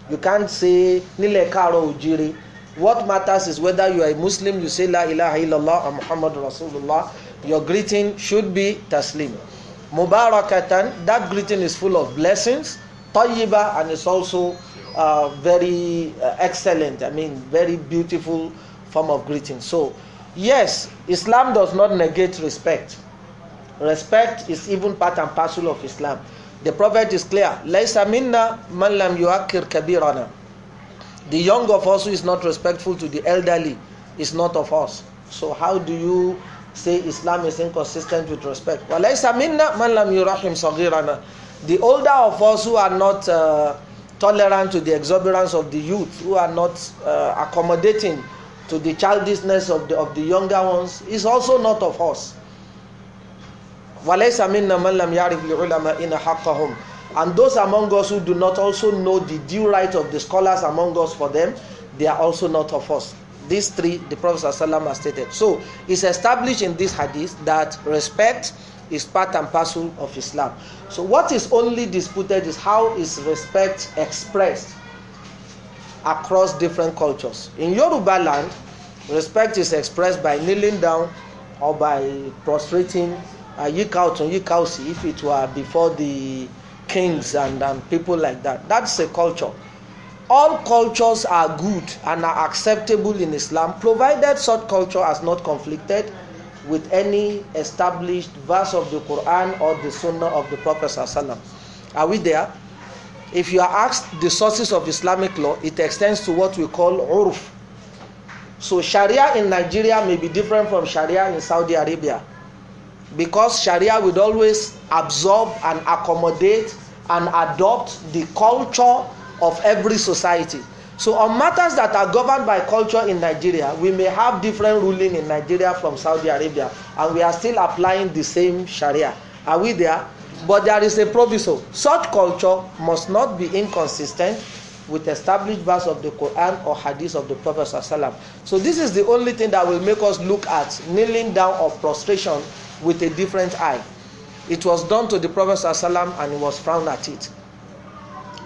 You can't say nile karo ujiri. What matters is whether you are a Muslim, you say la ilaha illallah and Muhammad Rasulullah. Your greeting should be taslim. Mubarakatan, that greeting is full of blessings. Tayyiba, and it's also uh, very uh, excellent, I mean, very beautiful form of greeting. So, yes, Islam does not negate respect. Respect is even part and parcel of Islam. The Prophet is clear. Laysa minna man lam yuakir kabirana. The young of us who is not respectful to the elderly is not of us. So how do you say Islam is inconsistent with respect. وَلَيْسَ مِنَّا man lam yurahim صَغِيرَنَا The older of us who are not uh, tolerant to the exuberance of the youth, who are not uh, accommodating to the childishness of the, of the younger ones, is also not of us. وَلَيْسَ مِنَّا مَنْ لَمْ يَعْرِفْ لِعُلَمَا إِنَ حَقَّهُمْ And those among us who do not also know the due right of the scholars among us for them, they are also not of us. These three the Prophet ﷺ has stated. So it's established in this hadith that respect is part and parcel of Islam. So what is only disputed is how is respect expressed across different cultures. In Yoruba land, respect is expressed by kneeling down or by prostrating uh, yika otun if it were before the kings and, and people like that. That's a culture all cultures are good and are acceptable in Islam, provided such culture has not conflicted with any established verse of the Quran or the Sunnah of the Prophet. Are we there? If you are asked the sources of Islamic law, it extends to what we call uruf. So Sharia in Nigeria may be different from Sharia in Saudi Arabia because Sharia would always absorb and accommodate and adopt the culture of every society. So on matters that are governed by culture in Nigeria, we may have different ruling in Nigeria from Saudi Arabia, and we are still applying the same Sharia. Are we there? But there is a proviso. Such culture must not be inconsistent with established verse of the Quran or hadith of the Prophet ﷺ. So this is the only thing that will make us look at kneeling down or prostration with a different eye. It was done to the Prophet ﷺ and he was frowned at it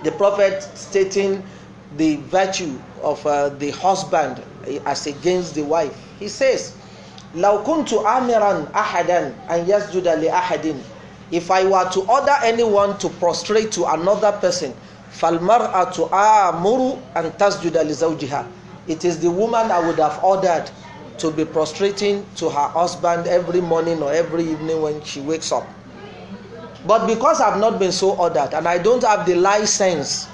the prophet stating the virtue of uh, the husband as against the wife. He says, لو كنت أمرا أحدا أن يسجد ahadin. If I were to order anyone to prostrate to another person, فالمرأة آمر أن تسجد لزوجها It is the woman I would have ordered to be prostrating to her husband every morning or every evening when she wakes up. But because I've not been so ordered and I don't have the license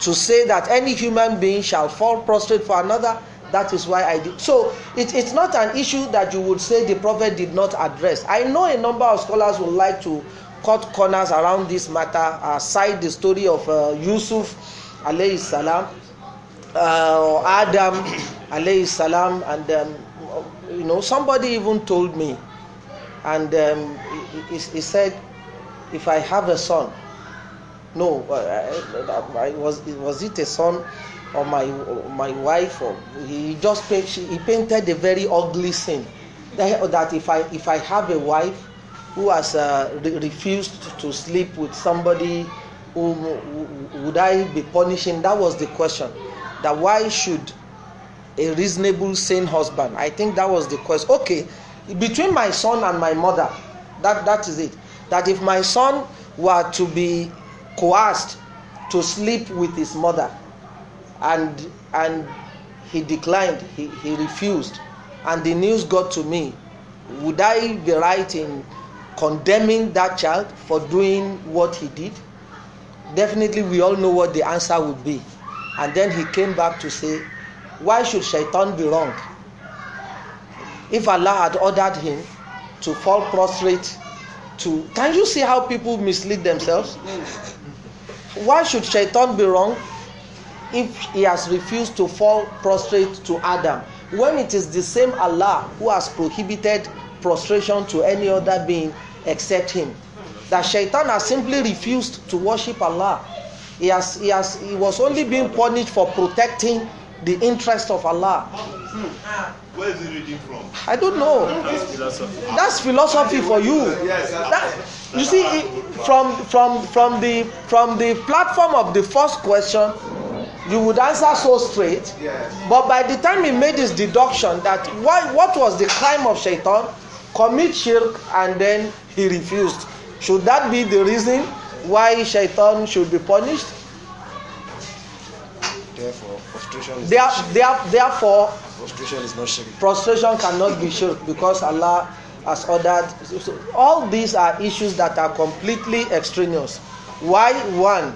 to say that any human being shall fall prostrate for another, that is why I did. So it, it's not an issue that you would say the prophet did not address. I know a number of scholars would like to cut corners around this matter, aside the story of uh, Yusuf alayhi salam, uh, Adam alayhi salam, and um, you know somebody even told me, and um, he, he, he said if I have a son, no, uh, uh, was was it a son or my my wife or he just he painted a very ugly scene that, if I if I have a wife who has uh, refused to sleep with somebody who would I be punishing? That was the question. That why should a reasonable, sane husband? I think that was the question. Okay, between my son and my mother, that that is it. that if my son were to be coerced to sleep with his mother and and he declined he, he refused and the news got to me would i be right in condemning that child for doing what he did definitely we all know what the answer would be and then he came back to say why should shaitan be wrong if allah had ordered him to fall prostrate to can you see how people mislead themselves why should shaitan be wrong if he has refused to fall prostrate to adam when it is the same allah who has prohibited prostration to any other being except him that shaitan has simply refused to worship allah he has he has he was only being punished for protecting the interest of Allah. Where is he reading from? I don't know. That's philosophy, That's philosophy for you. Yes, that, you see, from from from the from the platform of the first question, you would answer so straight. Yes. But by the time he made his deduction that why what was the crime of Shaitan, commit shirk and then he refused. Should that be the reason why Shaitan should be punished? Therefore there, There, therefore, prostration is not shirk. cannot be shirk because Allah has ordered. So all these are issues that are completely extraneous. Why one?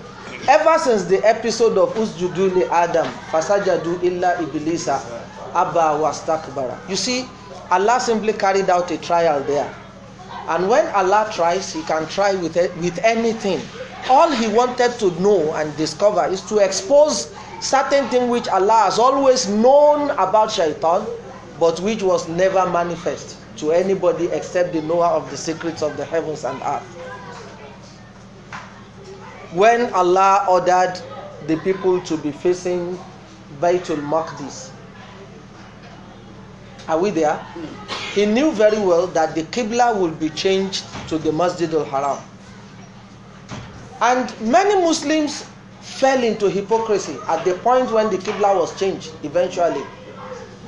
Ever since the episode of Usjuduli Adam, Fasajadu illa Ibilisa, Abba was takbara. You see, Allah simply carried out a trial there. And when Allah tries, He can try with, with anything. All He wanted to know and discover is to expose certain thing which Allah has always known about shaitan, but which was never manifest to anybody except the knower of the secrets of the heavens and earth. When Allah ordered the people to be facing Baitul Maqdis, are we there? He knew very well that the Qibla would be changed to the Masjid al Haram. And many Muslims fell into hypocrisy at the point when the Qibla was changed eventually.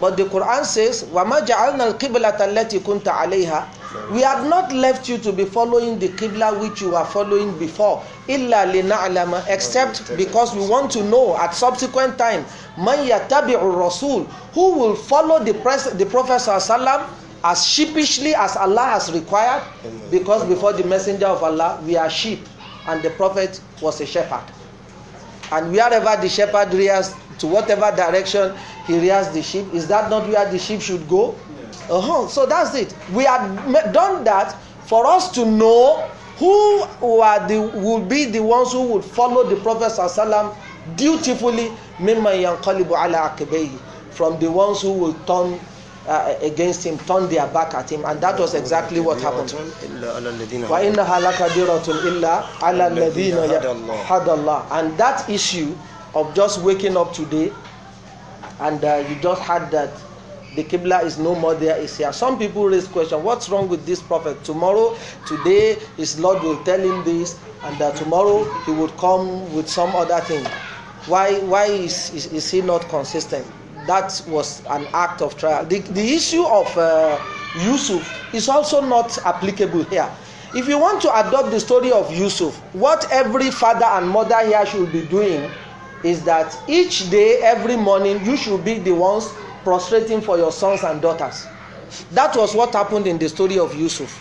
But the Quran says, وَمَا جَعَلْنَا الْقِبْلَةَ الَّتِي kunta عَلَيْهَا We have not left you to be following the Qibla which you were following before. إِلَّا لِنَعْلَمَ Except because we want to know at subsequent time, مَنْ يَتَبِعُ rasul Who will follow the, pres- the Prophet wasallam as sheepishly as Allah has required? Because before the messenger of Allah, we are sheep and the Prophet was a shepherd and wherever the shepherd rears to whatever direction he rears the sheep is that not where the sheep should go yes. uh-huh. so that's it we had done that for us to know who were the would be the ones who would follow the prophet sallam dutifully mimma yankalibu ala akibeyi from the ones who will turn Uh, against him turned their back at him and that was exactly what happened وَإِنَّهَا لَكَبِيرَةٌ إِلَّا عَلَى الَّذِينَ هَدَى اللَّهُ and that issue of just waking up today and uh, you just had that the Qibla is no more there is here some people raise question what's wrong with this prophet tomorrow today his lord will tell him this and uh, tomorrow he would come with some other thing why why is, is, is he not consistent that was an act of trial. The, the issue of uh, Yusuf is also not applicable here. If you want to adopt the story of Yusuf, what every father and mother here should be doing is that each day, every morning, you should be the ones prostrating for your sons and daughters. That was what happened in the story of Yusuf.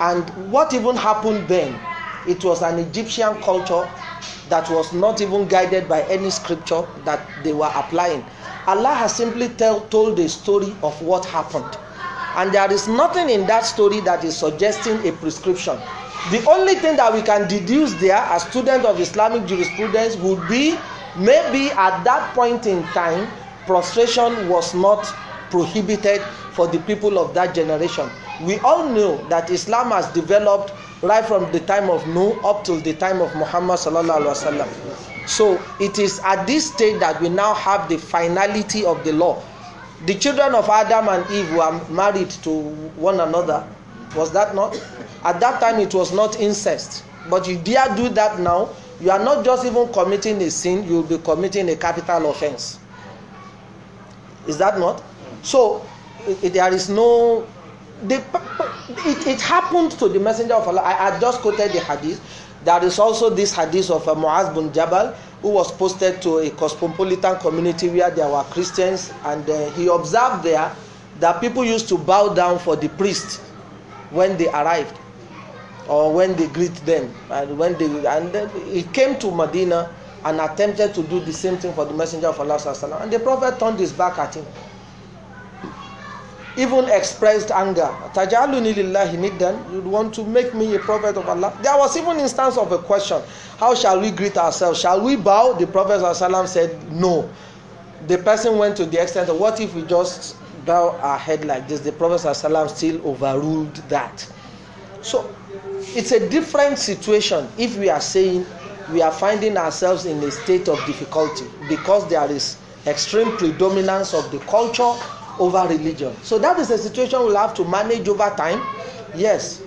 And what even happened then? It was an Egyptian culture that was not even guided by any scripture that they were applying. Allah has simply tell, told the story of what happened. And there is nothing in that story that is suggesting a prescription. The only thing that we can deduce there as students of Islamic jurisprudence would be maybe at that point in time, prostration was not prohibited for the people of that generation. We all know that Islam has developed right from the time of Nuh up till the time of Muhammad sallallahu alaihi wasallam. So it is at this stage that we now have the finality of the law. The children of Adam and Eve were married to one another. Was that not? At that time it was not incest. But you dare do that now, you are not just even committing a sin, you will be committing a capital offense. Is that not? So there is no the, it, it happened to the messenger of Allah. I, I just quoted the hadith. There is also this hadith of uh, Muaz bin Jabal who was posted to a cosmopolitan community where there were Christians and uh, he observed there that people used to bow down for the priest when they arrived or when they greet them and when they and then he came to Medina and attempted to do the same thing for the messenger of Allah and the prophet turned his back at him even expressed anger. Tajaluni lillahi niddan. You want to make me a prophet of Allah. There was even instance of a question. How shall we greet ourselves? Shall we bow? The Prophet ﷺ said no. The person went to the extent of what if we just bow our head like this? The Prophet ﷺ still overruled that. So it's a different situation if we are saying we are finding ourselves in a state of difficulty because there is extreme predominance of the culture over religion. So that is a situation we'll have to manage over time. Yes.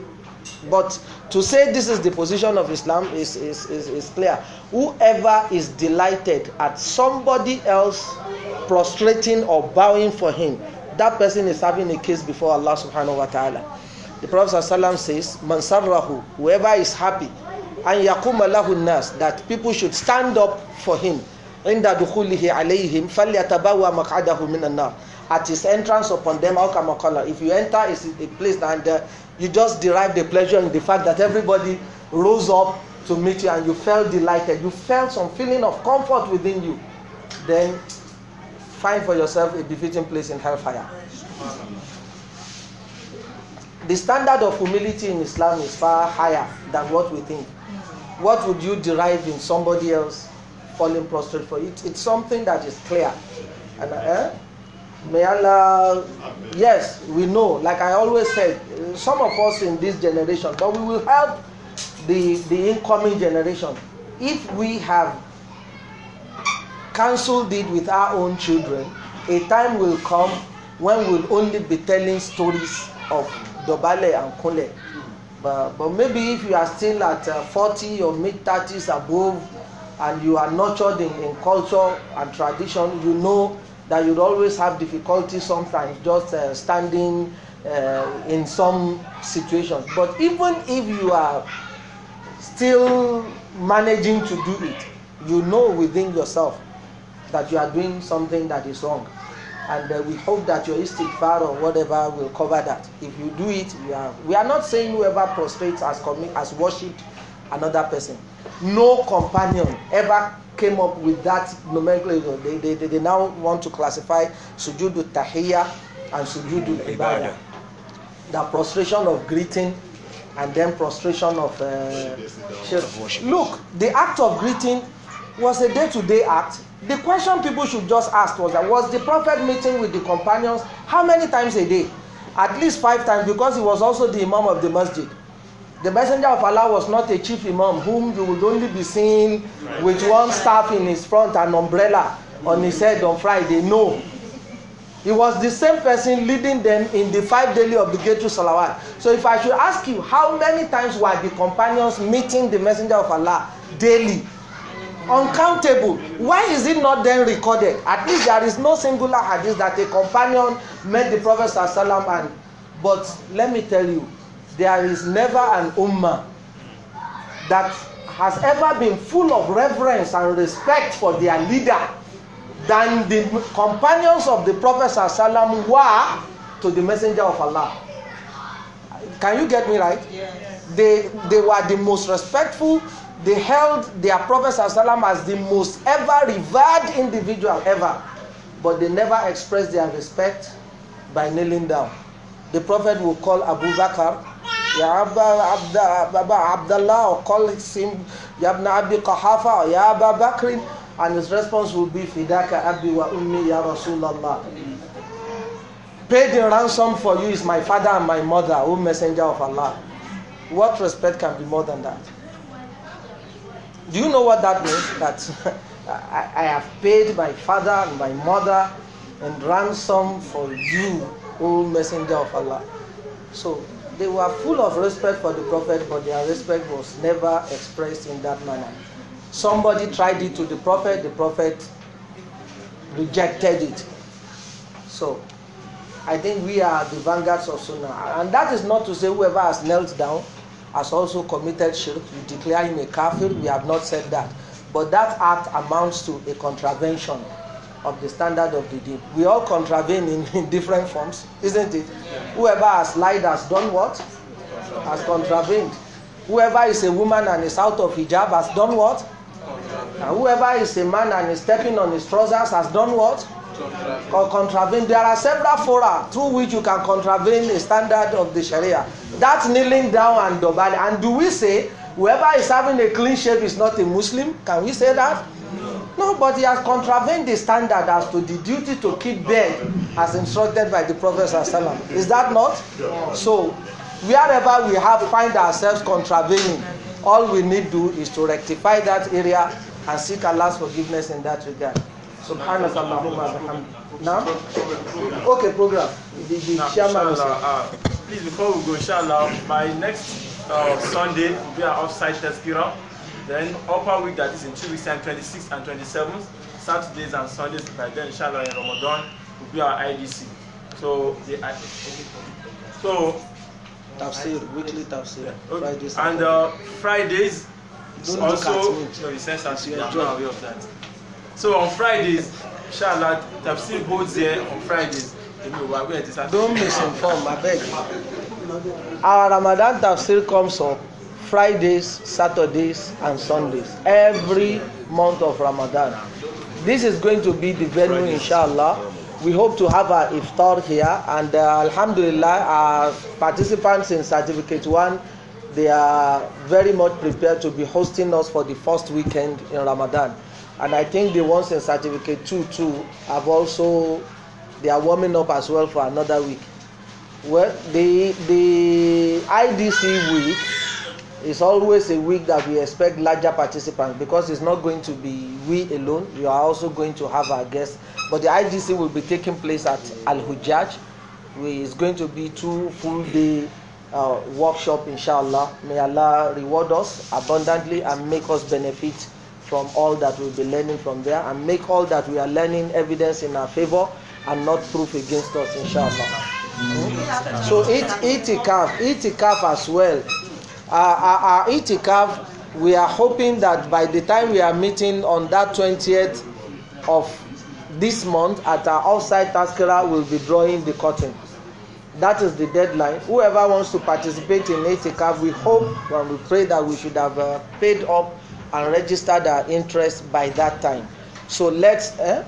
But to say this is the position of Islam is, is, is, is clear. Whoever is delighted at somebody else prostrating or bowing for him, that person is having a case before Allah subhanahu wa ta'ala. The Prophet ﷺ says, Man sarrahu, whoever is happy, and yakum lahu nas, that people should stand up for him. عند دخوله عليهم فليتبوى مقعده من النار at his entrance upon them how come color if you enter it's a place and uh, you just derive the pleasure in the fact that everybody rose up to meet you and you felt delighted you felt some feeling of comfort within you then find for yourself a befitting place in hellfire the standard of humility in islam is far higher than what we think what would you derive in somebody else falling prostrate for it it's something that is clear and uh, May Allah, yes, we know, like I always said, some of us in this generation, but we will help the, the incoming generation if we have cancelled it with our own children. A time will come when we'll only be telling stories of Dobale and Kole. But, but maybe if you are still at uh, 40 or mid 30s above and you are nurtured in, in culture and tradition, you know that you'd always have difficulty sometimes just uh, standing uh, in some situations. But even if you are still managing to do it, you know within yourself that you are doing something that is wrong. And uh, we hope that your istighfar or whatever will cover that. If you do it, we are, we are not saying whoever prostrates has, commi- has worshipped another person. No companion ever came up with that nomenclature. They, they, they, they now want to classify sujudu tahiya, and sujudu ibadah. The prostration of greeting and then prostration of uh, Look, the act of greeting was a day-to-day -day act. The question people should just ask was that was the prophet meeting with the companions how many times a day? At least five times because he was also the imam of the masjid. The messenger of Allah was not a chief imam whom you would only be seeing with one staff in his front and umbrella on his head on Friday. No. He was the same person leading them in the five daily obligatory salawat. So if I should ask you, how many times were the companions meeting the messenger of Allah daily? uncountable why is it not then recorded at least there is no singular hadith that a companion met the prophet sallallahu sallam and but let me tell you there is never an ummah that has ever been full of reverence and respect for their leader than the companions of the prophet sallam were to the messenger of allah can you get me right yes. they they were the most respectful they held their prophet sallam as the most ever revered individual ever but they never expressed their respect by kneeling down the prophet will call abu bakr يا أبا عبد أبا عبد الله or call him يا ابن أبي قحافة يا أبا بكر and his response will be فداك أبي وأمي يا رسول الله pay the ransom for you is my father and my mother O messenger of Allah what respect can be more than that do you know what that means that I, I have paid my father and my mother and ransom for you O messenger of Allah so They were full of respect for the prophet, but their respect was never expressed in that manner. Somebody tried it to the prophet, the prophet rejected it. So, I think we are the vanguards of Sunnah. And that is not to say whoever has knelt down has also committed shirk. We declare him a kafir, we have not said that. But that act amounts to a contravention of the standard of the day. We all contravene in, in different forms, isn't it? Yeah. Whoever has lied has done what? Has contravened. Whoever is a woman and is out of hijab has done what? And whoever is a man and is stepping on his trousers has done what? Or contravene. There are several fora through which you can contravene a standard of the Sharia. That's kneeling down and dobali. And do we say whoever is having a clean shave is not a Muslim? Can we say that? No, but he has contravened the standard as to the duty to keep bed as instructed by the Prophet. Is that not? So, wherever we have find ourselves contravening, all we need do is to rectify that area and seek Allah's forgiveness in that regard. Subhanallah. Allahumma Now? Okay, program. The, the chairman uh, Please, before we go, inshallah, by next uh, Sunday, we are offsite Tazkirah. Then upper week that is in two weeks time, 26th and 27th, Saturdays and Sundays by then, inshallah, in Ramadan will be our IDC. So the so tafsir weekly tafsir. Yeah. Fridays and uh, Fridays Don't also no, it says that you are not aware of that. So on Fridays, inshallah, tafsir holds there on Fridays. Don't misinform, I beg. Our Ramadan tafsir comes up Fridays, Saturdays, and Sundays every month of Ramadan. This is going to be the venue, inshallah. We hope to have our iftar here, and uh, Alhamdulillah, our participants in Certificate One, they are very much prepared to be hosting us for the first weekend in Ramadan, and I think the ones in Certificate Two too have also they are warming up as well for another week. Well, the the IDC week it's always a week that we expect larger participants because it's not going to be we alone. We are also going to have our guests. But the IGC will be taking place at Al Hujaj. It's going to be two full day uh, workshop, inshallah. May Allah reward us abundantly and make us benefit from all that we'll be learning from there and make all that we are learning evidence in our favor and not proof against us, inshallah. Mm-hmm. So eat a calf as well our, our itikaf, we are hoping that by the time we are meeting on that 20th of this month at our offsite we will be drawing the curtain. That is the deadline. Whoever wants to participate in itikaf, e we hope and we pray that we should have uh, paid up and registered our interest by that time. So let's. Eh?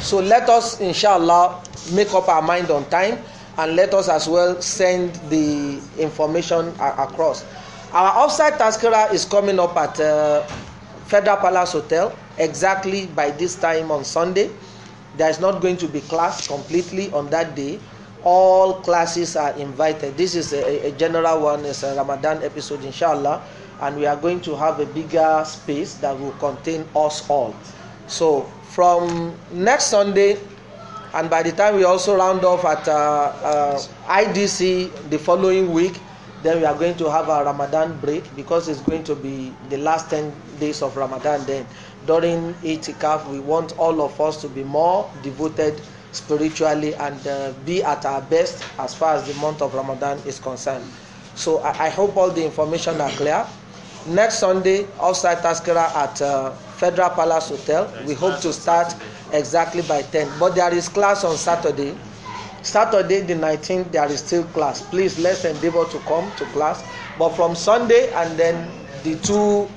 So let us, inshallah, make up our mind on time. and let us as well send the information across. Our offsite taskera is coming up at uh, Federal Palace Hotel exactly by this time on Sunday. There is not going to be class completely on that day. All classes are invited. This is a, a general one, it's a Ramadan episode, inshallah, and we are going to have a bigger space that will contain us all. So, from next Sunday, and by the time we also round off at uh, uh, IDC the following week, then we are going to have a Ramadan break because it's going to be the last 10 days of Ramadan. Then during Itikaf, we want all of us to be more devoted spiritually and uh, be at our best as far as the month of Ramadan is concerned. So I, I hope all the information are clear. Next Sunday, offsite Taskira at uh, Federal Palace Hotel. We hope to start. exactly by 10 but there is class on saturday saturday the 19th there is still class please let's endeavor to come to class but from sunday and then the two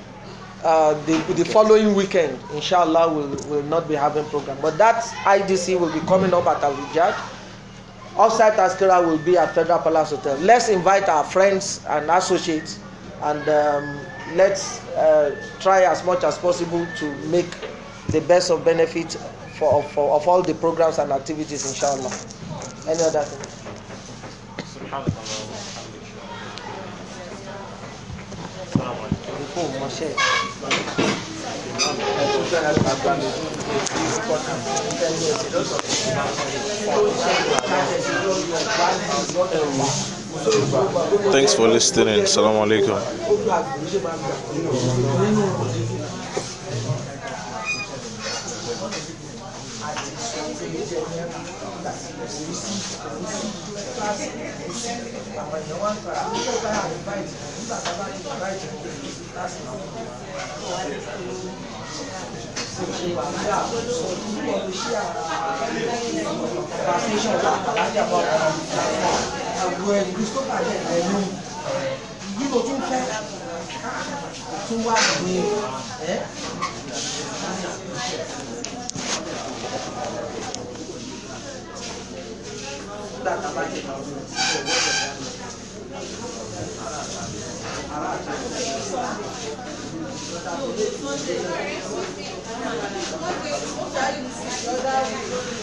uh, the, the following weekend inshallah will will not be having program but that idc will be coming up at al-rijaj offsite askira will be at federal palace hotel let's invite our friends and associates and um, let's uh, try as much as possible to make the best of benefit for, for, of all the programs and activities, inshallah. Any other Thanks for listening. Assalamu alaikum. àwọn èèyàn wá ń gbà nígbà tá a lè bá ìtàn nígbà tá a bá jẹ kàwé owó ìjọba Thank you.